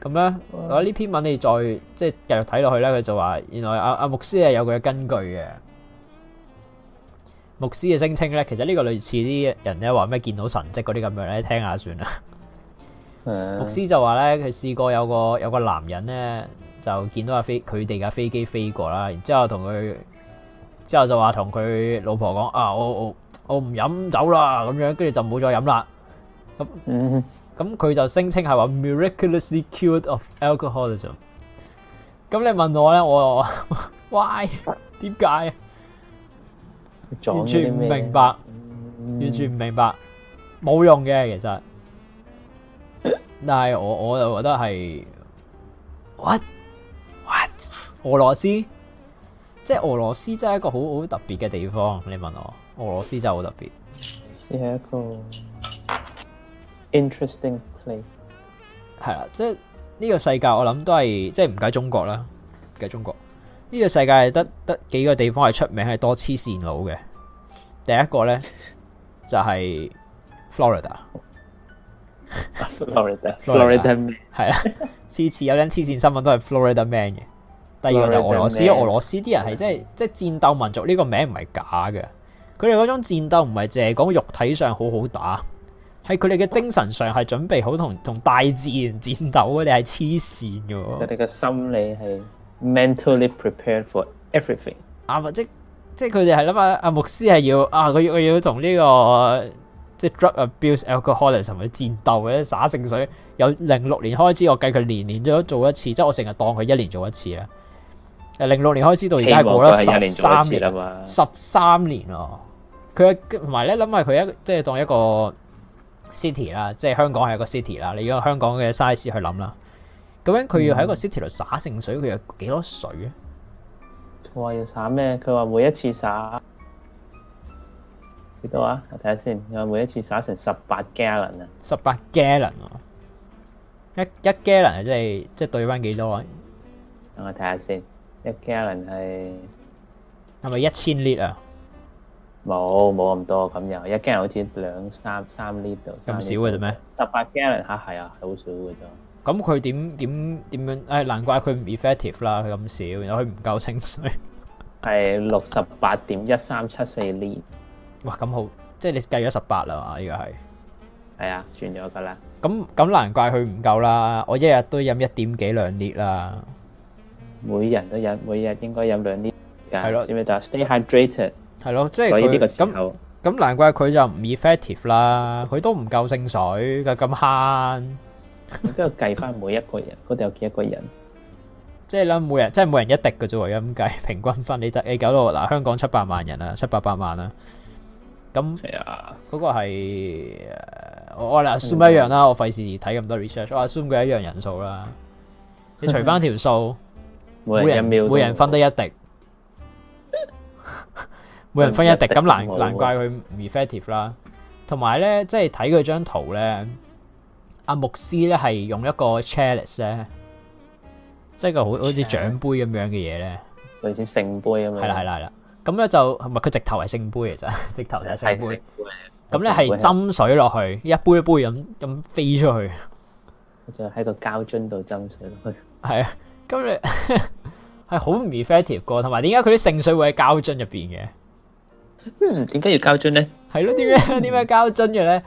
咁樣我呢 篇文你再即係繼續睇落去咧，佢就話原來阿阿牧師係有佢嘅根據嘅。牧師嘅聲稱咧，其實呢個類似啲人咧話咩見到神蹟嗰啲咁樣咧，聽下算啦。 嗯、牧師就話咧，佢試過有個有個男人咧。就見到阿飛佢哋架飛機飛過啦，然之後同佢，之後就話同佢老婆講：啊，我我我唔飲酒啦，咁樣跟住就冇再飲啦。咁，咁佢就聲稱係話 miraculously cured of alcoholism。咁你問我咧，我又話 why？點解？完全唔明白，完全唔明白，冇用嘅其實。但係我我就覺得係 what？What？俄羅斯即係俄羅斯，即俄羅斯真係一個好好特別嘅地方。你問我俄羅斯真係好特別，係一個、啊、interesting place。係啦，即係呢個世界，我諗都係，即係唔計中國啦，計中國呢、呢個世界係得得幾個地方係出名係多黐線佬嘅。第一個咧就係、是、Florida。Florida，Florida 係啊，次次有啲黐線新聞都係 Florida man 嘅。第二個就俄羅斯，Man. 俄羅斯啲人係真係 Yeah. 即係戰鬥民族呢個名唔係假嘅。佢哋嗰種戰鬥唔係淨係講肉體上好好打，係佢哋嘅精神上係準備好同同大自然戰鬥啊！你係黐線噶。佢哋嘅心理係 mentally prepared for everything，啊。阿即即係佢哋係啦嘛，阿牧師係要啊，佢要要同呢個。即係 drug abuse，alcoholism 戰鬥嘅灑聖水，由零六年開始，我計佢年年都做一次，即係我成日當佢一年做一次啦。誒，零六年開始到而家過咗十三年啊嘛，十三年啊，佢同埋咧諗下佢一即係當一個 city 啦，即係香港係一個 city 啦，你要用香港嘅 size 去諗啦。咁樣佢要喺個 city 度灑聖水，佢有幾多水啊？佢話、嗯、要灑咩？佢話每一次灑。幾多啊？我睇下先。我每一次灑成十八加侖啊！十八加侖啊！一一加侖即係即係對翻幾多啊？等我睇下先。一加侖係係咪一千 lit 啊？冇冇咁多，咁又一加侖好似兩三三 lit 度。咁少嘅啫咩？十八加侖吓係啊，好少嘅啫。咁佢點點點樣？誒，難怪佢唔 effective 啦，佢咁少，然後佢唔夠清水。係六十八點一三七四 lit。哇，咁好，即係你計咗十八啦嘛？呢個係係啊，存咗噶啦。咁咁難怪佢唔夠啦。我一日都飲一點幾兩滴啦。每人都飲，每日應該飲兩滴。係咯的，知唔知？但 stay hydrated 係咯，即係所以呢個時候咁難怪佢就唔 effective 啦。佢都唔夠聖水噶，咁慳。咁都要計翻每一個人嗰度 有幾多個人，即係咧，每人即係每人一滴嘅啫喎。咁計平均分你得你搞到嗱，香港七百萬人啊，七八百萬啊。咁啊，嗰、那個係我話啦，assume 一樣啦，我費事睇咁多 research，我話 assume 佢一樣人數啦。 你除翻條數，每人每人分得一滴，每人分一滴，咁難難怪佢唔 effective 啦。同埋咧，即係睇佢張圖咧，阿牧師咧係用一個 chalice 咧，即係好好似獎杯咁樣嘅嘢咧，類似聖杯咁樣。係啦，係啦，係啦。咁咧就咪佢直頭係聖杯嚟啫，直頭就係聖杯。咁咧係斟水落去，一杯一杯咁咁飛出去。就喺個膠樽度斟水落去。係啊，今日係好 reflective 過，同埋點解佢啲聖水會喺膠樽入邊嘅？嗯，點解要膠樽咧？係咯，點解點解膠樽嘅咧？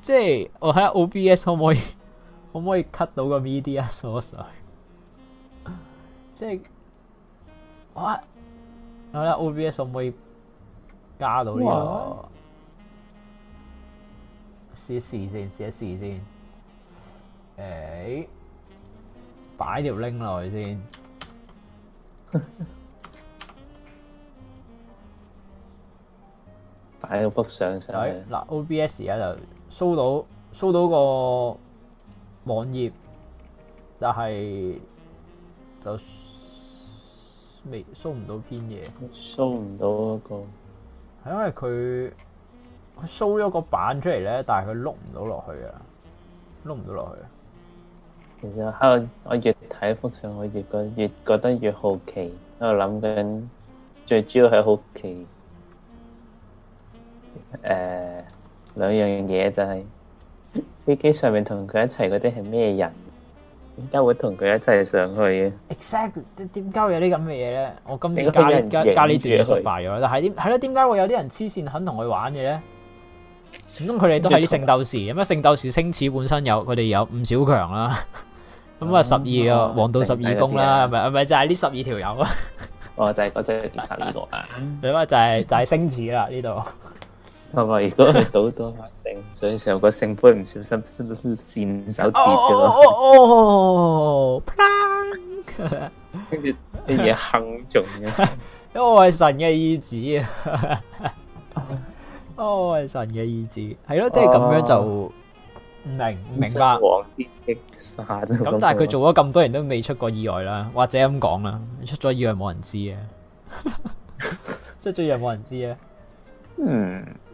即係我睇下 obs 可唔可以可唔可以 cut 到個 vids 水？即係我。咁咧，OBS 可唔可以加到呢個？試一試先，試一試先。誒，擺條 link 落去先。擺個幅相出嚟。嗱，OBS 而家就 show 到 show 到個網頁，但係就，未 show 唔到篇嘢，show 唔到嗰、嗰個，係因為佢，佢 show 咗個版出嚟咧，但係佢碌唔到落去啊，碌唔到落去啊！其實喺我，我越睇幅相，我越覺越，越覺得越好奇，喺度諗緊，最主要係好奇，誒、呃，兩樣嘢就係飛機上面同佢一齊嗰啲係咩人？點解會同佢一齊上去嘅？Exact 點解會有啲咁嘅嘢咧？我今年加加加呢段嘢失敗咗，但係點係咯？點解會有啲人黐線肯同佢玩嘅咧？咁佢哋都係啲聖鬥士，咁啊聖鬥士星矢本身有佢哋有五小強啦，咁啊十二個黃道十二宮啦，係咪係咪就係呢十二條友啊？我就係我就係十二個啊！你話就係就係星矢啦呢度，我咪如果賭多。所以時候個聖杯唔小心伸手跌咗咯，跟住啲嘢坑中嘅，因為我係神嘅意志啊，我係神嘅意志，係咯，即係咁樣就明明白。咁但係佢做咗咁多年都未出過意外啦，或者咁講啦，出咗意外冇人知啊，出咗意外冇人知啊，嗯。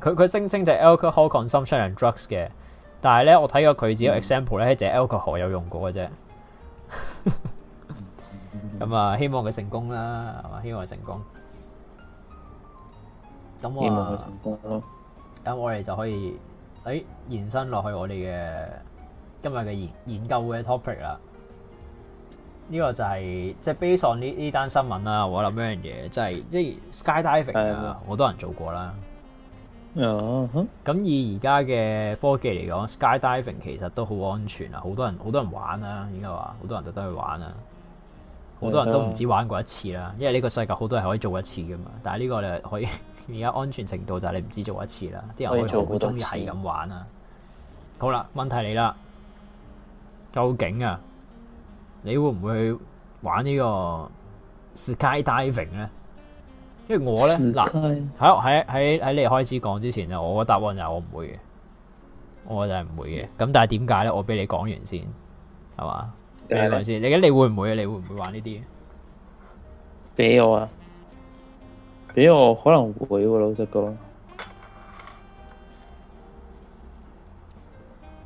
佢佢聲稱就 alcohol consumption and drugs 嘅，但係咧我睇過佢自己 example 咧就、嗯、alcohol 有用過嘅啫。咁啊，希望佢成功啦，係嘛？希望成功。咁、嗯、啊，希望佢成功咁、嗯、我哋就可以，哎，延伸落去我哋嘅今日嘅研研究嘅 topic 啦。呢、這個就係、是、即係、就是、based on 呢呢單新聞啦、啊。我諗一樣嘢，即、就、係、是、即 skydiving 啊，好多人做過啦。哦，咁以而家嘅科技嚟講，skydiving 其實都好安全啊，好多人好多人玩啊，而家話好多人都得去玩啊。好多人都唔、啊、止玩過一次啦，因為呢個世界好多人可以做一次噶嘛，但係呢個你可以而家安全程度就係你唔止做一次啦，啲人好中意係咁玩啊。好啦，問題嚟啦，究竟啊，你會唔會玩個呢個 skydiving 咧？即係我咧，嗱喺喺喺喺你開始講之前啊，我個答案就係我唔會嘅，我就係唔會嘅。咁但係點解咧？我俾你講完先，係嘛？俾你講先，你而家你會唔會？你會唔會玩呢啲？俾我啊！俾我可能會喎、啊，老實講。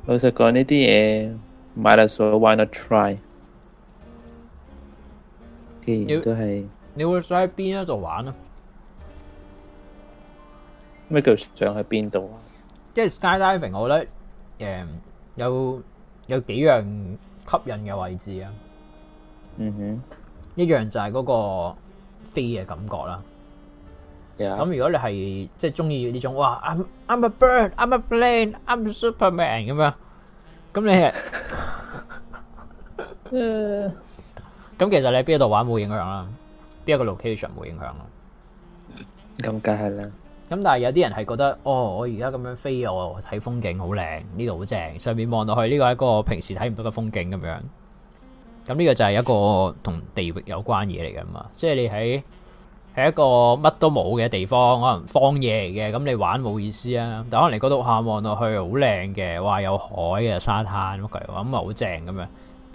老實講，呢啲嘢買嚟，sowhy not try。既然都係你，你會想喺邊一度玩啊？咩叫上喺邊度啊？即係 Skydiving，我覺得誒、嗯、有有幾樣吸引嘅位置啊。嗯哼、mm，一、hmm. 樣就係嗰個飛嘅感覺啦。咁 Yeah. 如果你係即係中意呢種，哇！I'm I'm a bird, I'm a plane, I'm Superman 咁樣，咁你誒，咁 其實你喺邊一度玩冇影響啦？邊一個 location 冇影響啊？咁梗係啦。咁但係有啲人係覺得，哦，我而家咁樣飛哦，睇風景好靚，呢度好正，上面望落去呢個係一個平時睇唔到嘅風景咁樣。咁呢個就係一個同地域有關嘢嚟噶嘛，即係你喺喺一個乜都冇嘅地方，可能荒野嚟嘅，咁你玩冇意思啊。但可能你嗰度下望落去好靚嘅，哇，有海啊，沙灘乜鬼，咁啊好正咁樣。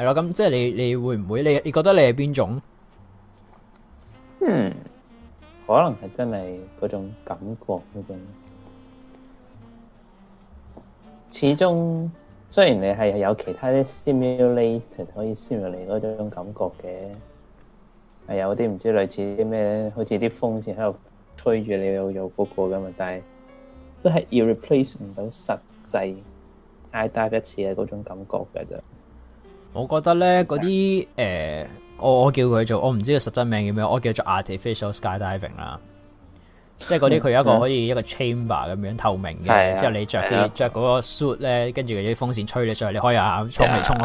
係咯，咁即係你，你會唔會？你你覺得你係邊種？嗯，可能係真係嗰種感覺嗰種。始終雖然你係有其他啲 simulator 可以 simulate 嗰種感覺嘅，係有啲唔知類似啲咩，好似啲風扇喺度吹住你，有有嗰個噶嘛？但係都係要 replace 唔到實際，I dive 一次嘅嗰種感覺噶啫。我覺得咧嗰啲誒，我我叫佢做，我唔知佢實質名叫咩，我叫做 Artificial Skydiving 啦。即係嗰啲佢有一個好似一個 chamber 咁樣透明嘅，之後你着啲着嗰個 suit 咧，跟住嗰啲風扇吹你上去，你可以啊衝嚟衝去。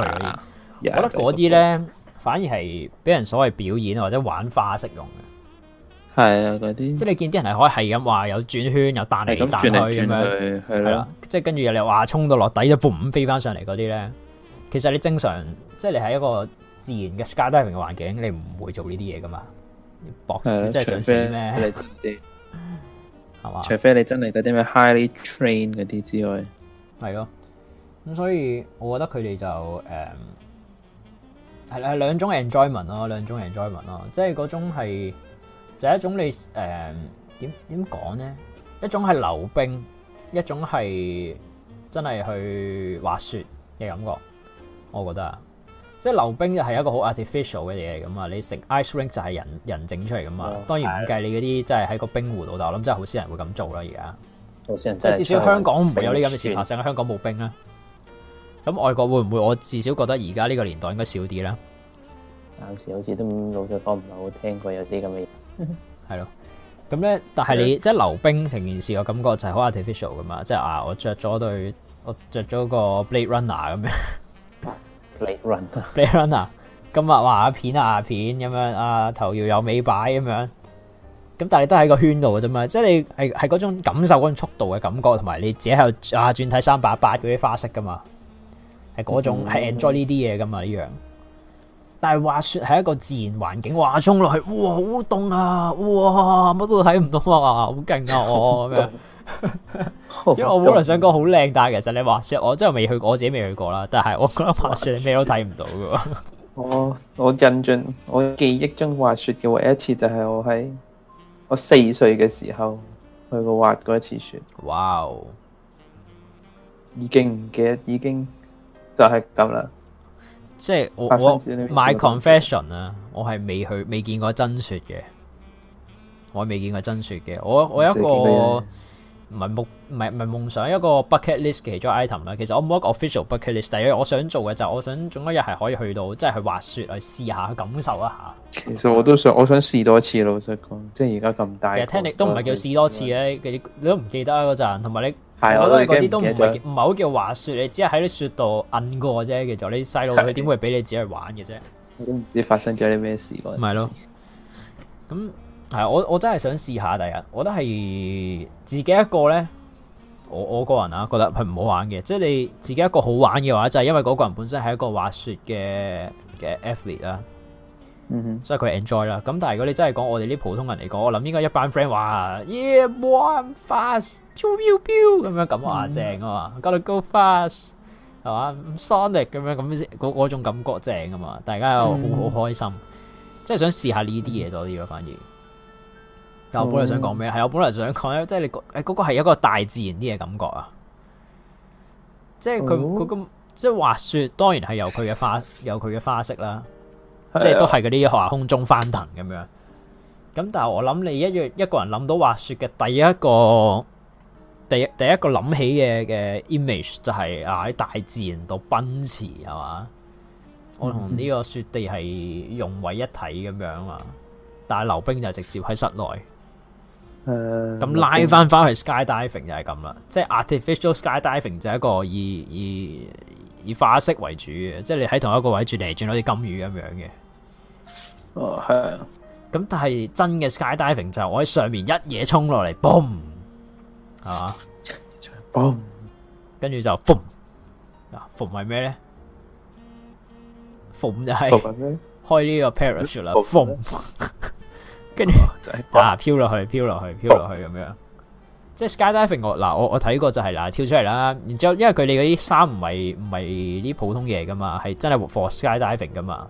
我覺得嗰啲咧反而係俾人所謂表演或者玩花式用嘅。係啊，嗰啲即係你見啲人係可以係咁話有轉圈又彈嚟彈去咁樣係啦，即係跟住又你話衝到落底咗 boom 咁飛翻上嚟嗰啲咧。其實你正常，即係你喺一個自然嘅 Skydiving 嘅環境，你唔會做呢啲嘢噶嘛？博士即係想試咩？係嘛？除非你真係嗰啲咩 highly trained 嗰啲之外，係咯。咁所以我覺得佢哋就誒係係兩種 enjoyment 咯，兩種 enjoyment 咯，即係嗰種係就是一種你誒點點講咧？一種係溜冰，一種係真係去滑雪嘅感覺。我覺得啊，即係溜冰就係一個好 artificial 嘅嘢嚟。咁啊！你成 ice rink 就係人人整出嚟噶嘛，哦、當然唔計你嗰啲即係喺個冰湖度，但我諗真係好少人會咁做啦。而家好少人即係至少香港唔會有呢啲咁嘅事發生，喺香港冇冰啦。咁外國會唔會？我至少覺得而家呢個年代應該少啲啦。暫時好似都老實講唔係好聽過有啲咁嘅嘢，係咯。咁咧，但係你、嗯、即係溜冰成件事，個感覺就係好 artificial 噶嘛。即係啊，我着咗對，我着咗個 blade runner 咁樣。你 run run 啊，今日畫片啊片咁樣，啊頭搖又尾擺咁樣，咁但係都喺個圈度嘅啫嘛，即係係係嗰種感受嗰種速度嘅感覺，同埋你自己喺度啊轉睇三八八嗰啲花式噶嘛，係嗰種係 enjoy 呢啲嘢噶嘛呢樣，mm hmm. 但係話說係一個自然環境話衝落去，哇好凍啊，哇乜都睇唔到啊，好勁啊我咁樣。 因為我本來想講好靚，但係其實你滑雪，我真係未去過，我自己未去過啦。但係我覺得滑雪你咩雪都睇唔到噶哦，我印象，我記憶中滑雪嘅唯一一次就係我喺我四歲嘅時候去過滑過一次雪。哇 Wow 已經唔記得，已經就係咁啦。即係我我 my confession 啊,我係未去，未見過真雪嘅。我未見過真雪嘅。我我有一個。我唔係夢，唔係唔係夢想，想一個 bucket list 其中 item 啦。其實我冇一個 official bucket list，第一，我想做嘅就係我想，總有一日係可以去到，即係去滑雪去試下，去感受一下。其實我都想，我想試多，多次老實講，即係而家咁大。其實聽力都唔係叫試多次咧，你都唔記得嗰陣，同埋你，係我都係嗰啲都唔係唔係好叫滑雪，你只係喺啲雪度印過啫，其實你細路佢點會俾你自己去玩嘅啫？都唔知發生咗啲咩事嗰咯，咁。 係我、嗯、我真係想試下第日，我都係自己一個咧。我我個人啊，覺得佢唔好玩嘅，即係你自己一個好玩嘅話，就係、是、因為嗰個人本身係一個滑雪嘅嘅 athlete 啦。的 ath e, mm hmm. 所以佢 enjoy 啦。咁但係如果你真係講我哋啲普通人嚟講，我諗應該一班 friend 話，yeah，one fast，飄飄飄咁樣，咁話正啊嘛，got to go fast 係嘛，sonic 咁樣咁嗰嗰種感覺正啊嘛，mm. 大家又好好開心，即係想試下呢啲嘢多啲咯，反而。但我本來想講咩？係我本來想講咧，即係你覺誒嗰個係一個大自然啲嘅感覺啊！即係佢佢咁，即係滑雪當然係有佢嘅花有佢嘅花式啦，即係都係嗰啲話空中翻騰咁樣。咁但係我諗你一樣一個人諗到滑雪嘅第一個第第一個諗起嘅嘅 image 就係啊喺大自然度奔馳係嘛？我同呢個雪地係融為一體咁樣啊！但係溜冰就直接喺室內。咁、嗯、拉翻翻去 skydiving 就係咁啦，即係 artificial skydiving 就係一個以以以花式為主嘅，即係你喺同一個位轉嚟轉去好似金魚咁樣嘅。哦係啊，咁但係真嘅 skydiving 就係我喺上面一嘢衝落嚟，boom 係嘛，boom 跟住就 boom 嗱 boom 係咩咧 boom 就係開呢個 parachute 啦 boom 跟住就嗱，飄落去，飄落去，飄落去咁樣，即係 skydiving 我嗱我我睇過就係、是、嗱跳出嚟啦，然之後因為佢哋嗰啲衫唔係唔係啲普通嘢噶嘛，係真係 for skydiving 噶嘛，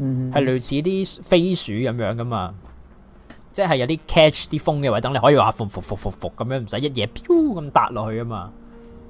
係、mm hmm. 類似啲飛鼠咁樣噶嘛，即係有啲 catch 啲風嘅位，等你可以話伏伏伏伏伏咁樣，唔使一夜飄咁搭落去啊嘛。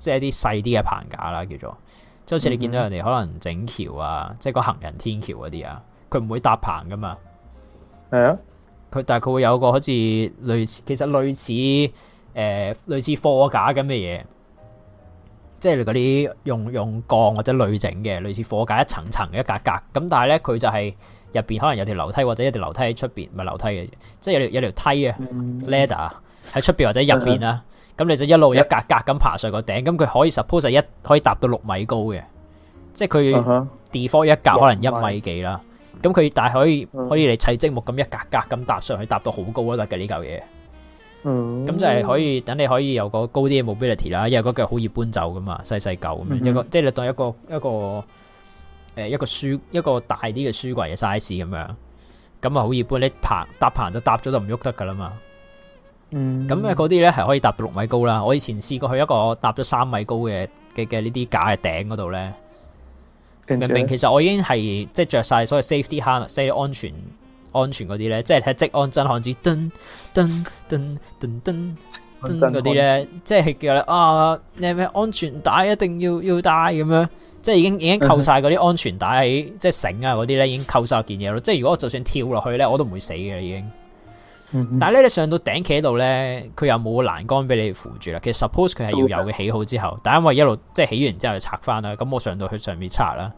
即係啲細啲嘅棚架啦，叫做即係好似你見到人哋可能整橋啊，即係個行人天橋嗰啲啊，佢唔會搭棚噶嘛。係啊，佢但係佢會有個好似類似，其實類似誒類似貨架咁嘅嘢，即係嗰啲用用鋼或者鋁整嘅，類似貨架一層層嘅一格格。咁但係咧，佢就係入邊可能有條樓梯或者一條樓梯喺出邊，唔係樓梯嘅，即係有條有條梯啊，ladder 喺出邊或者入邊啊。咁你就一路一格格咁爬上個頂，咁佢可以 suppose 就一可以搭到六米高嘅。即係佢 default 一格可能一米幾啦，咁佢、uh huh. 但係可以可以你砌積木咁一格格咁搭上去，搭到好高都得嘅呢嚿嘢。嗯，咁就係可以等、uh huh. 你可以有個高啲嘅 mobility 啦，因為嗰腳好易搬走噶嘛，細細嚿咁樣一個，即係你當一個一個誒一,一個書一個大啲嘅書櫃嘅 size 咁樣，咁啊好易搬。你爬搭棚就搭咗就唔喐得噶啦嘛。咁啊，嗰啲咧係可以搭到六米高啦。我以前試過去一個搭咗三米高嘅嘅嘅呢啲架嘅頂嗰度咧，確明明其實我已經係即係着晒所謂 safety harness、安全安全嗰啲咧，即係睇即安真漢子噔噔噔噔噔嗰啲咧，呢確即係叫你啊！你咩安全帶一定要要帶咁樣？即係已經已經扣晒嗰啲安全帶喺即係繩啊嗰啲咧，已經扣晒件嘢咯。即係 如果我就算跳落去咧，我都唔會死嘅已經。但係咧，你上到頂企喺度咧，佢又冇欄杆俾你扶住啦。其實 suppose 佢係要有嘅起好之後，但係因為一路即係起完之後就拆翻啦，咁我上到去上面拆啦。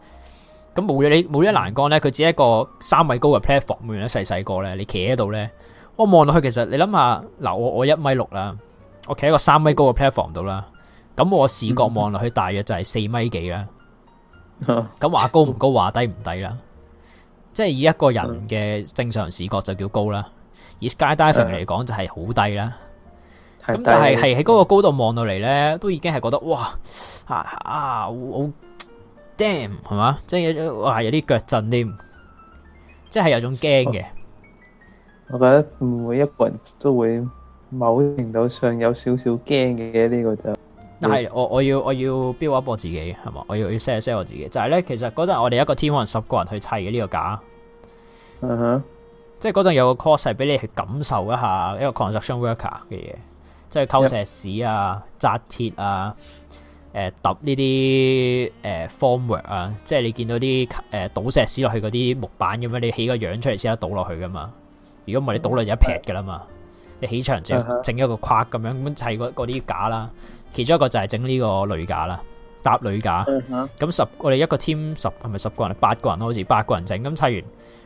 咁冇咗你冇咗欄杆咧，佢只係一個三米高嘅 platform，咁樣細細個咧，你企喺度咧，我望落去其實你諗下，嗱我我一米六啦，我企喺個三米高嘅 platform 度啦，咁我視覺望落去大約就係四米幾啦。咁話高唔高，話低唔低啦？即係以一個人嘅正常視覺就叫高啦。S 以 skydiving 嚟講就係好低啦，咁但係係喺嗰個高度望到嚟咧，都已經係覺得哇啊啊好 damn 係嘛，即係有種哇有啲腳震添，即係有種驚嘅。我覺得每一個人都會某程度上有少少驚嘅呢個就，但係我我要我要標一波自己係嘛，我要我要 set 一 set 我自己，就係咧其實嗰陣我哋一個 team 可能十個人去砌嘅呢個架，嗯哼。即係嗰陣有個 course 係俾你去感受一下一個 construction worker 嘅嘢，即係溝石屎啊、紮鐵啊、誒、呃、揼呢啲誒、呃、formwork 啊，即係你見到啲誒倒石屎落去嗰啲木板咁樣，你起個樣出嚟，先得倒落去噶嘛。如果唔係，你倒落就一劈噶啦嘛。你起牆，就整一個框咁樣咁砌嗰啲架啦。其中一個就係整呢個鋁架啦，搭鋁架。咁十我哋一個 team 十係咪十個人？八個人好似八個人整咁砌完。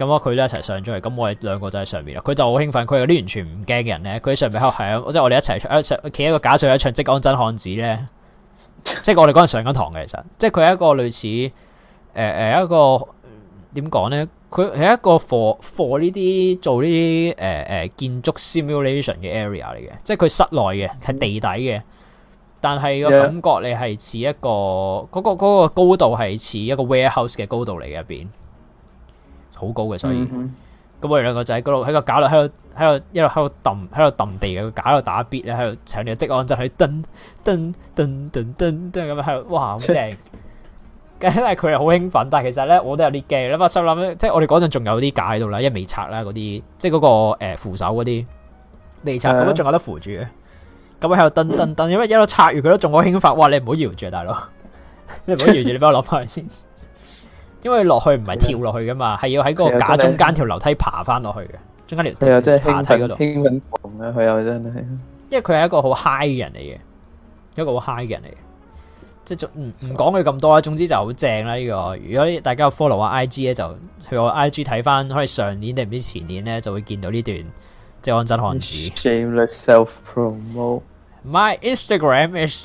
咁我佢都一齊上咗嚟，咁我哋兩個就喺上面啦。佢就好興奮，佢有啲完全唔驚嘅人咧。佢喺上面響、就是，即係 我哋一齊唱，企喺個假上一唱《即安真漢子》咧。即係我哋嗰陣上緊堂嘅，其實即係佢係一個類似誒誒、呃、一個點講咧？佢、嗯、係一個 for for 呢啲做呢啲誒誒建築 simulation 嘅 area 嚟嘅，即係佢室內嘅，係地底嘅。但係個感覺你係似一個嗰 Yeah.、那個、那個高度係似一個 warehouse 嘅高度嚟嘅入邊。好高嘅，所以咁我哋兩個仔喺嗰度喺個架度，喺度喺度一路喺度揼，喺度揼地喺個架度打 B 咧，喺度搶啲積安針，喺度蹬蹬蹬蹬蹬咁樣喺度，哇，好正！咁但係佢係好興奮，但係其實咧我都有啲驚。你話心諗即係我哋嗰陣仲有啲架喺度啦，一未拆啦，嗰啲即係嗰個誒扶手嗰啲未拆，咁樣仲有得扶住嘅。咁啊喺度蹬蹬蹬，因為一路拆完佢都仲好興奮。哇！你唔好搖住呀，大佬你唔好搖住，你俾我攞翻嚟先。因為落去唔係跳落去㗎嘛，係有要喺嗰個架中間條樓梯爬翻落去嘅，中間條梯，啊，即係下梯嗰度。興啊，係啊，真係。因為佢係一個好 high 嘅人嚟嘅，一個好 high 嘅人嚟嘅，即係總唔唔講佢咁多啦。總之就好正啦、啊、呢、呢個。如果大家 follow 我 IG 咧，就去我 IG 睇翻，可能上年定唔知前年咧，就會見到呢段即係安真漢子。Shameless self-promote. My Instagram is.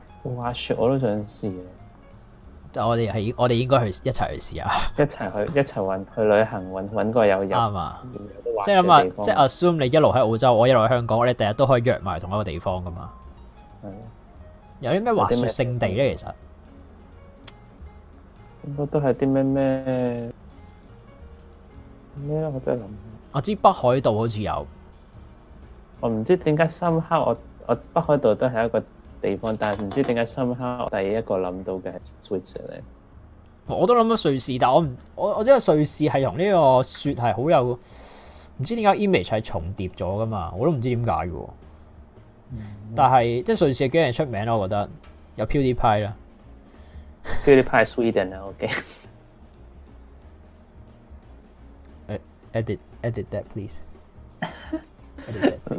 滑雪我都想試，但係我哋係我哋應該去一齊去試下，一齊去一齊搵，去旅行搵搵個友人。啱啊， 吧，即係諗下，即係 assume 你一路喺澳洲，我一路喺香港，我哋第日都可以約埋同一個地方㗎嘛。係的有啲咩滑雪勝地咧？其實應該都係啲咩咩咩，我真係諗。我知北海道好似有，我唔知點解深刻我，我我北海道都係一個。地方，但係唔知點解深刻。我第一個諗到嘅係瑞士咧，我都諗咗瑞士，但係我唔我我知道，瑞士係同呢個雪係好有唔知點解 image 係重疊咗噶嘛，我都唔知點解嘅。但係、嗯、即係瑞士有幾人出名啦，我覺得有 PewDiePie 啦 PewDiePie 係瑞 OK edit edit that please。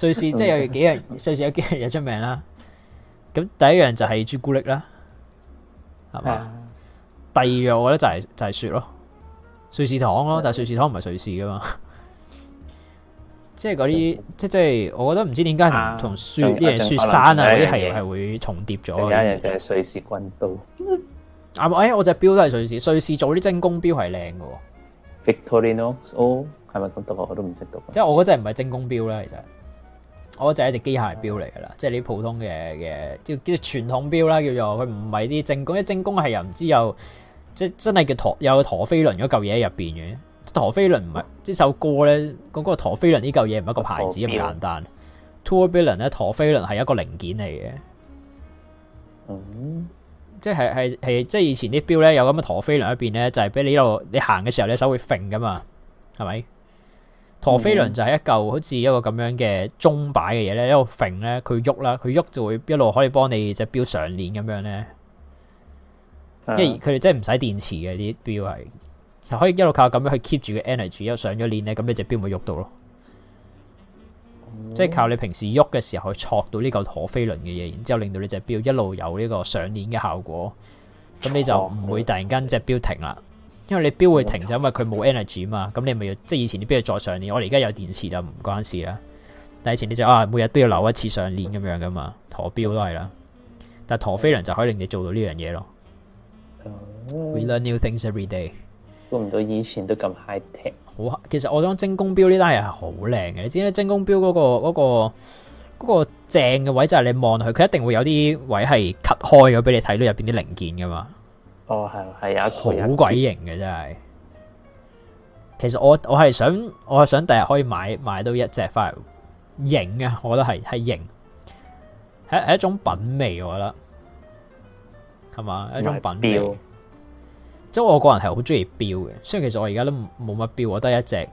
瑞士即係有幾人？瑞士有幾人又出名啦？咁第一樣就係朱古力啦，係咪、啊、第二樣我覺得就係、是、就係、是、雪咯，瑞士糖咯，但係瑞士糖唔係瑞士噶嘛，士即係嗰啲即即係，我覺得唔知點解同同雪啲還人雪山啊嗰啲係係會重疊咗一樣，就係瑞士軍刀。啱，哎，我隻表都係瑞士，瑞士做啲精工表係靚噶。Victorinox，係咪咁讀啊？我都唔識讀。即係我嗰隻唔係精工表啦，其實。我就係一隻機械表嚟㗎啦，即係啲普通嘅嘅，叫叫做傳統表啦，叫做佢唔係啲精工，啲精工係又唔知有，即係真係叫陀有個陀飛輪嗰嚿嘢入邊嘅。陀飛輪唔係，即首歌咧嗰個陀飛輪呢嚿嘢唔係一個牌子咁簡單。Tourbillon 咧，陀飛輪係一個零件嚟嘅、嗯。即係係即係以前啲表咧有咁嘅陀飛輪入邊咧，就係、是、俾你度，你行嘅時候你手會揈㗎嘛，係咪？陀飛輪就係一嚿好似一個咁樣嘅鐘擺嘅嘢咧，一路揈咧，佢喐啦，佢喐就會一路可以幫你隻錶上鏈咁樣咧。嗯、因為佢哋真係唔使電池嘅呢啲錶係，可以一路靠咁樣去 keep 住個 energy，一上咗鏈咧，咁你隻錶會喐到咯。嗯、即係靠你平時喐嘅時候，去戳到呢嚿陀飛輪嘅嘢，然之後令到你隻錶一路有呢個上鏈嘅效果，咁的你就唔會突然間隻錶停啦。因為你錶會停止，就因為佢冇 energy 嘛，咁你咪要即係以前啲錶都要再上鏈，我哋而家有電池就唔關事啦。但係以前你就啊，每日都要留一次上鏈咁樣噶嘛，陀錶都係啦。但陀飛輪就可以令你做到呢樣嘢咯。Oh, We learn new things every day。估唔到以前都咁 high tech。好，其實我當精工錶呢單嘢係好靚嘅，你知唔知精工錶嗰、嗰個、嗰個、嗰個正嘅位就係你望落去，佢一定會有啲位係 cut 開咗俾你睇到入邊啲零件噶嘛。哦，係係啊，好鬼型嘅真係。其實我係想我係想我係想第日可以買買到一隻翻嚟型啊。我覺得係係型，係係一種品味我覺得係嘛，一種品味。即係我個人係好中意表嘅，雖然其實我而家都冇乜表，我得一隻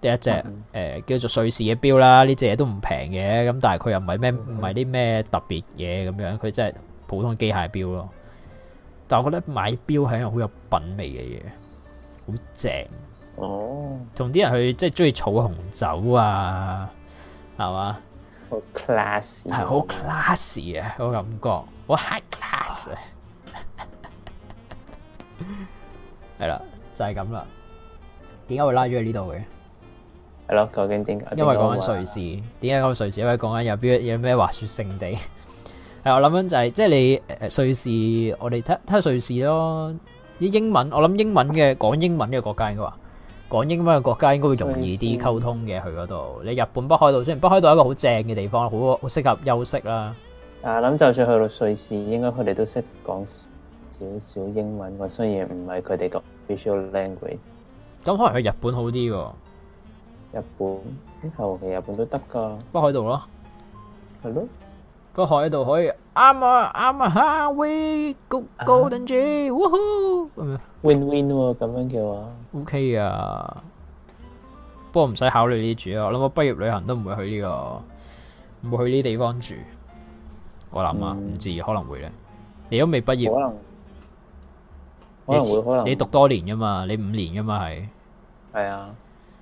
得一隻誒的、呃、叫做瑞士嘅表啦，呢隻嘢都唔平嘅，咁但係佢又唔係咩唔係啲咩特別嘢咁樣，佢即係普通機械表咯。但我覺得買表係一個好有品味嘅嘢，好正哦。同啲人去即係中意儲紅酒啊，係嘛？好 classy，係好 classy 嘅嗰、那個、感覺，好 high class 哇。係啦， 就係咁啦。點解會拉咗去呢度嘅？係咯，究竟點解？因為講緊瑞士，點解講瑞士？因為講緊有邊有咩滑雪勝地。係我諗緊就係即係你誒誒瑞士，我哋睇睇下瑞士咯。啲英文，我諗英文嘅、講英文嘅國家應該話，講英文嘅國家應該會容易啲溝通嘅。去嗰度，你日本北海道雖然北海道係一個好正嘅地方，好好適合休息啦。啊，諗就算去到瑞士，應該佢哋都識講少少英文嘅，雖然唔係佢哋個 official language。咁可能去日本好啲喎。日本，全球去日本都得噶。北海道咯。係咯。個海道可以。I'm a I'm a highway go golden G，哇呼！Win win 喎，咁樣嘅話，OK 啊。不過唔使考慮呢啲住啊，我諗我畢業旅行都唔會去呢、這個，唔會去呢啲地方住。我諗啊，唔知可能會咧。你都未畢業，可能你會可能會你，你讀多年㗎嘛，你五年㗎嘛係。係啊，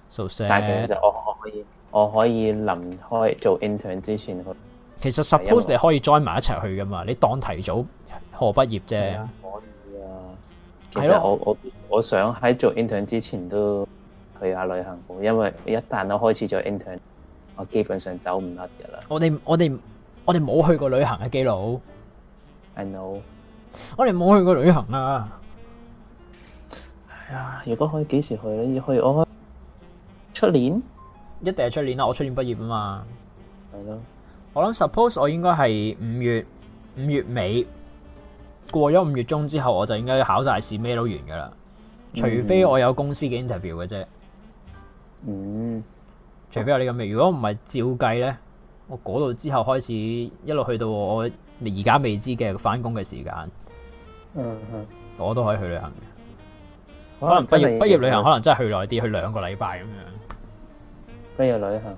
熟識。但係其實我我可以我可以臨開做 intern 之前去。其實 suppose 你可以 join 埋一齊去噶嘛？你當提早學畢業啫。可以啊。係咯，我我我想喺做 intern 之前都去下旅行，因為一旦都開始做 intern，我基本上走唔甩噶啦。我哋我哋我哋冇去過旅行嘅記錄？I know。我哋冇去過旅行啊。係 I know. 啊、哎，如果可以幾時去呢？要去，我出年一定係出年啦，我出年畢業啊嘛。係咯。我諗 suppose 我應該係五月五月尾過咗五月中之後，我就應該考晒試，咩都完噶啦。除非我有公司嘅 interview 嘅啫、嗯。嗯，除非有啲咁嘅。如果唔係照計咧，我嗰度之後開始一路去到我而家未知嘅返工嘅時間、嗯。嗯，我都可以去旅行嘅。可能畢業畢業旅行可能真係去耐啲，去兩個禮拜咁樣。畢業旅行。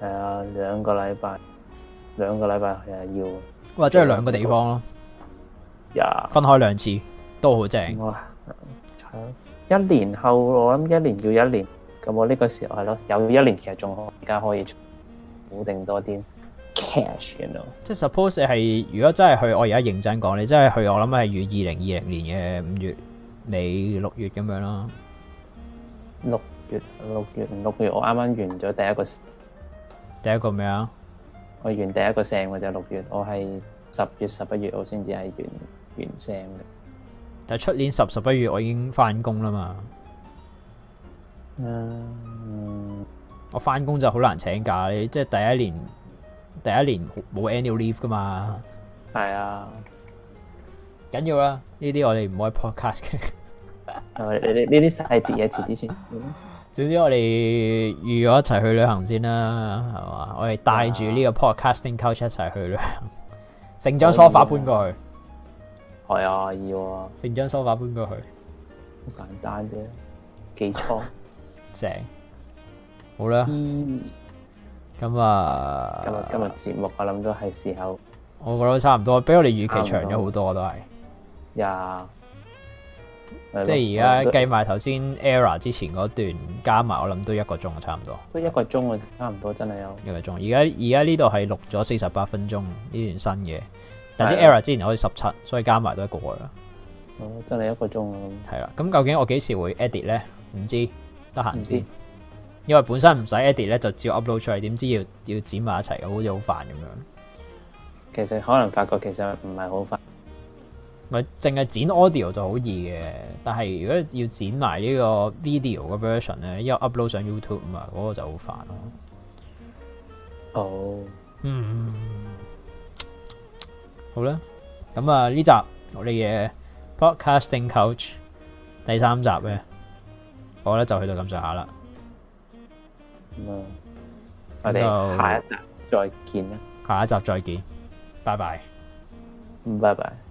係啊，兩、uh, 個禮拜，兩個禮拜又啊，要、哦，或者係兩個地方咯，呀，Yeah. 分開兩次都好正。好、uh, 一年後我諗一年要一年，咁我呢個時候係咯，有一年其實仲可而家可以固定多啲 cash 咯。即係 suppose 係，如果真係去，我而家認真講，你真係去，我諗係與二零二零年嘅五月尾、六月咁樣啦。六月、六月、六月，我啱啱完咗第一個。第一個咩啊？我完第一個聲嘅就六月，我係十月十一月我先至係完完聲嘅。但係出年十十一月我已經翻工啦嘛。嗯，我翻工就好難請假，你即係第一年，第一年冇 annual leave 噶嘛。係、嗯、啊，緊要啦，呢啲我哋唔可以 podcast 嘅。我哋呢啲細節嘢，遲啲先。煩總之我哋預咗一齊去旅行先啦，係嘛？我哋帶住呢個 podcasting coach 一齊去旅行，成張梳化搬過去，係啊，要啊，成張梳化搬過去，好、嗯嗯嗯、簡單啫，幾初 正，好啦，咁啊、嗯天，今日今日節目我諗都係時候，我覺得差唔多，比我哋預期長咗好多都係，呀。Yeah. 即係而家計埋頭先 e r a 之前嗰段加埋，我諗都一個鐘啊，差唔多。鐘 ER、17，都一個鐘啊，差唔多，真係有。一個鐘，而家而家呢度係錄咗四十八分鐘呢段新嘢，但係 e r a 之前好似十七，所以加埋都一個啦。哦，真係一個鐘啊！係啦，咁究竟我幾時會 edit 咧？唔知得閒先，知因為本身唔使 edit 咧，就照 upload 出嚟。點知要要剪埋一齊，好似好煩咁樣。其實可能發覺其實唔係好煩。咪淨係剪 audio 就好易嘅，但係如果要剪埋呢個 video 嘅 version 咧，因為 upload 上 YouTube 啊嘛，嗰個就好煩咯。哦，oh. 嗯，好啦，咁啊呢集我哋嘅 podcasting coach 第三集咧，我咧就去到咁上下啦。嗯、mm. 到，我哋下一集再見啦，下一集再見，拜拜，嗯，拜拜。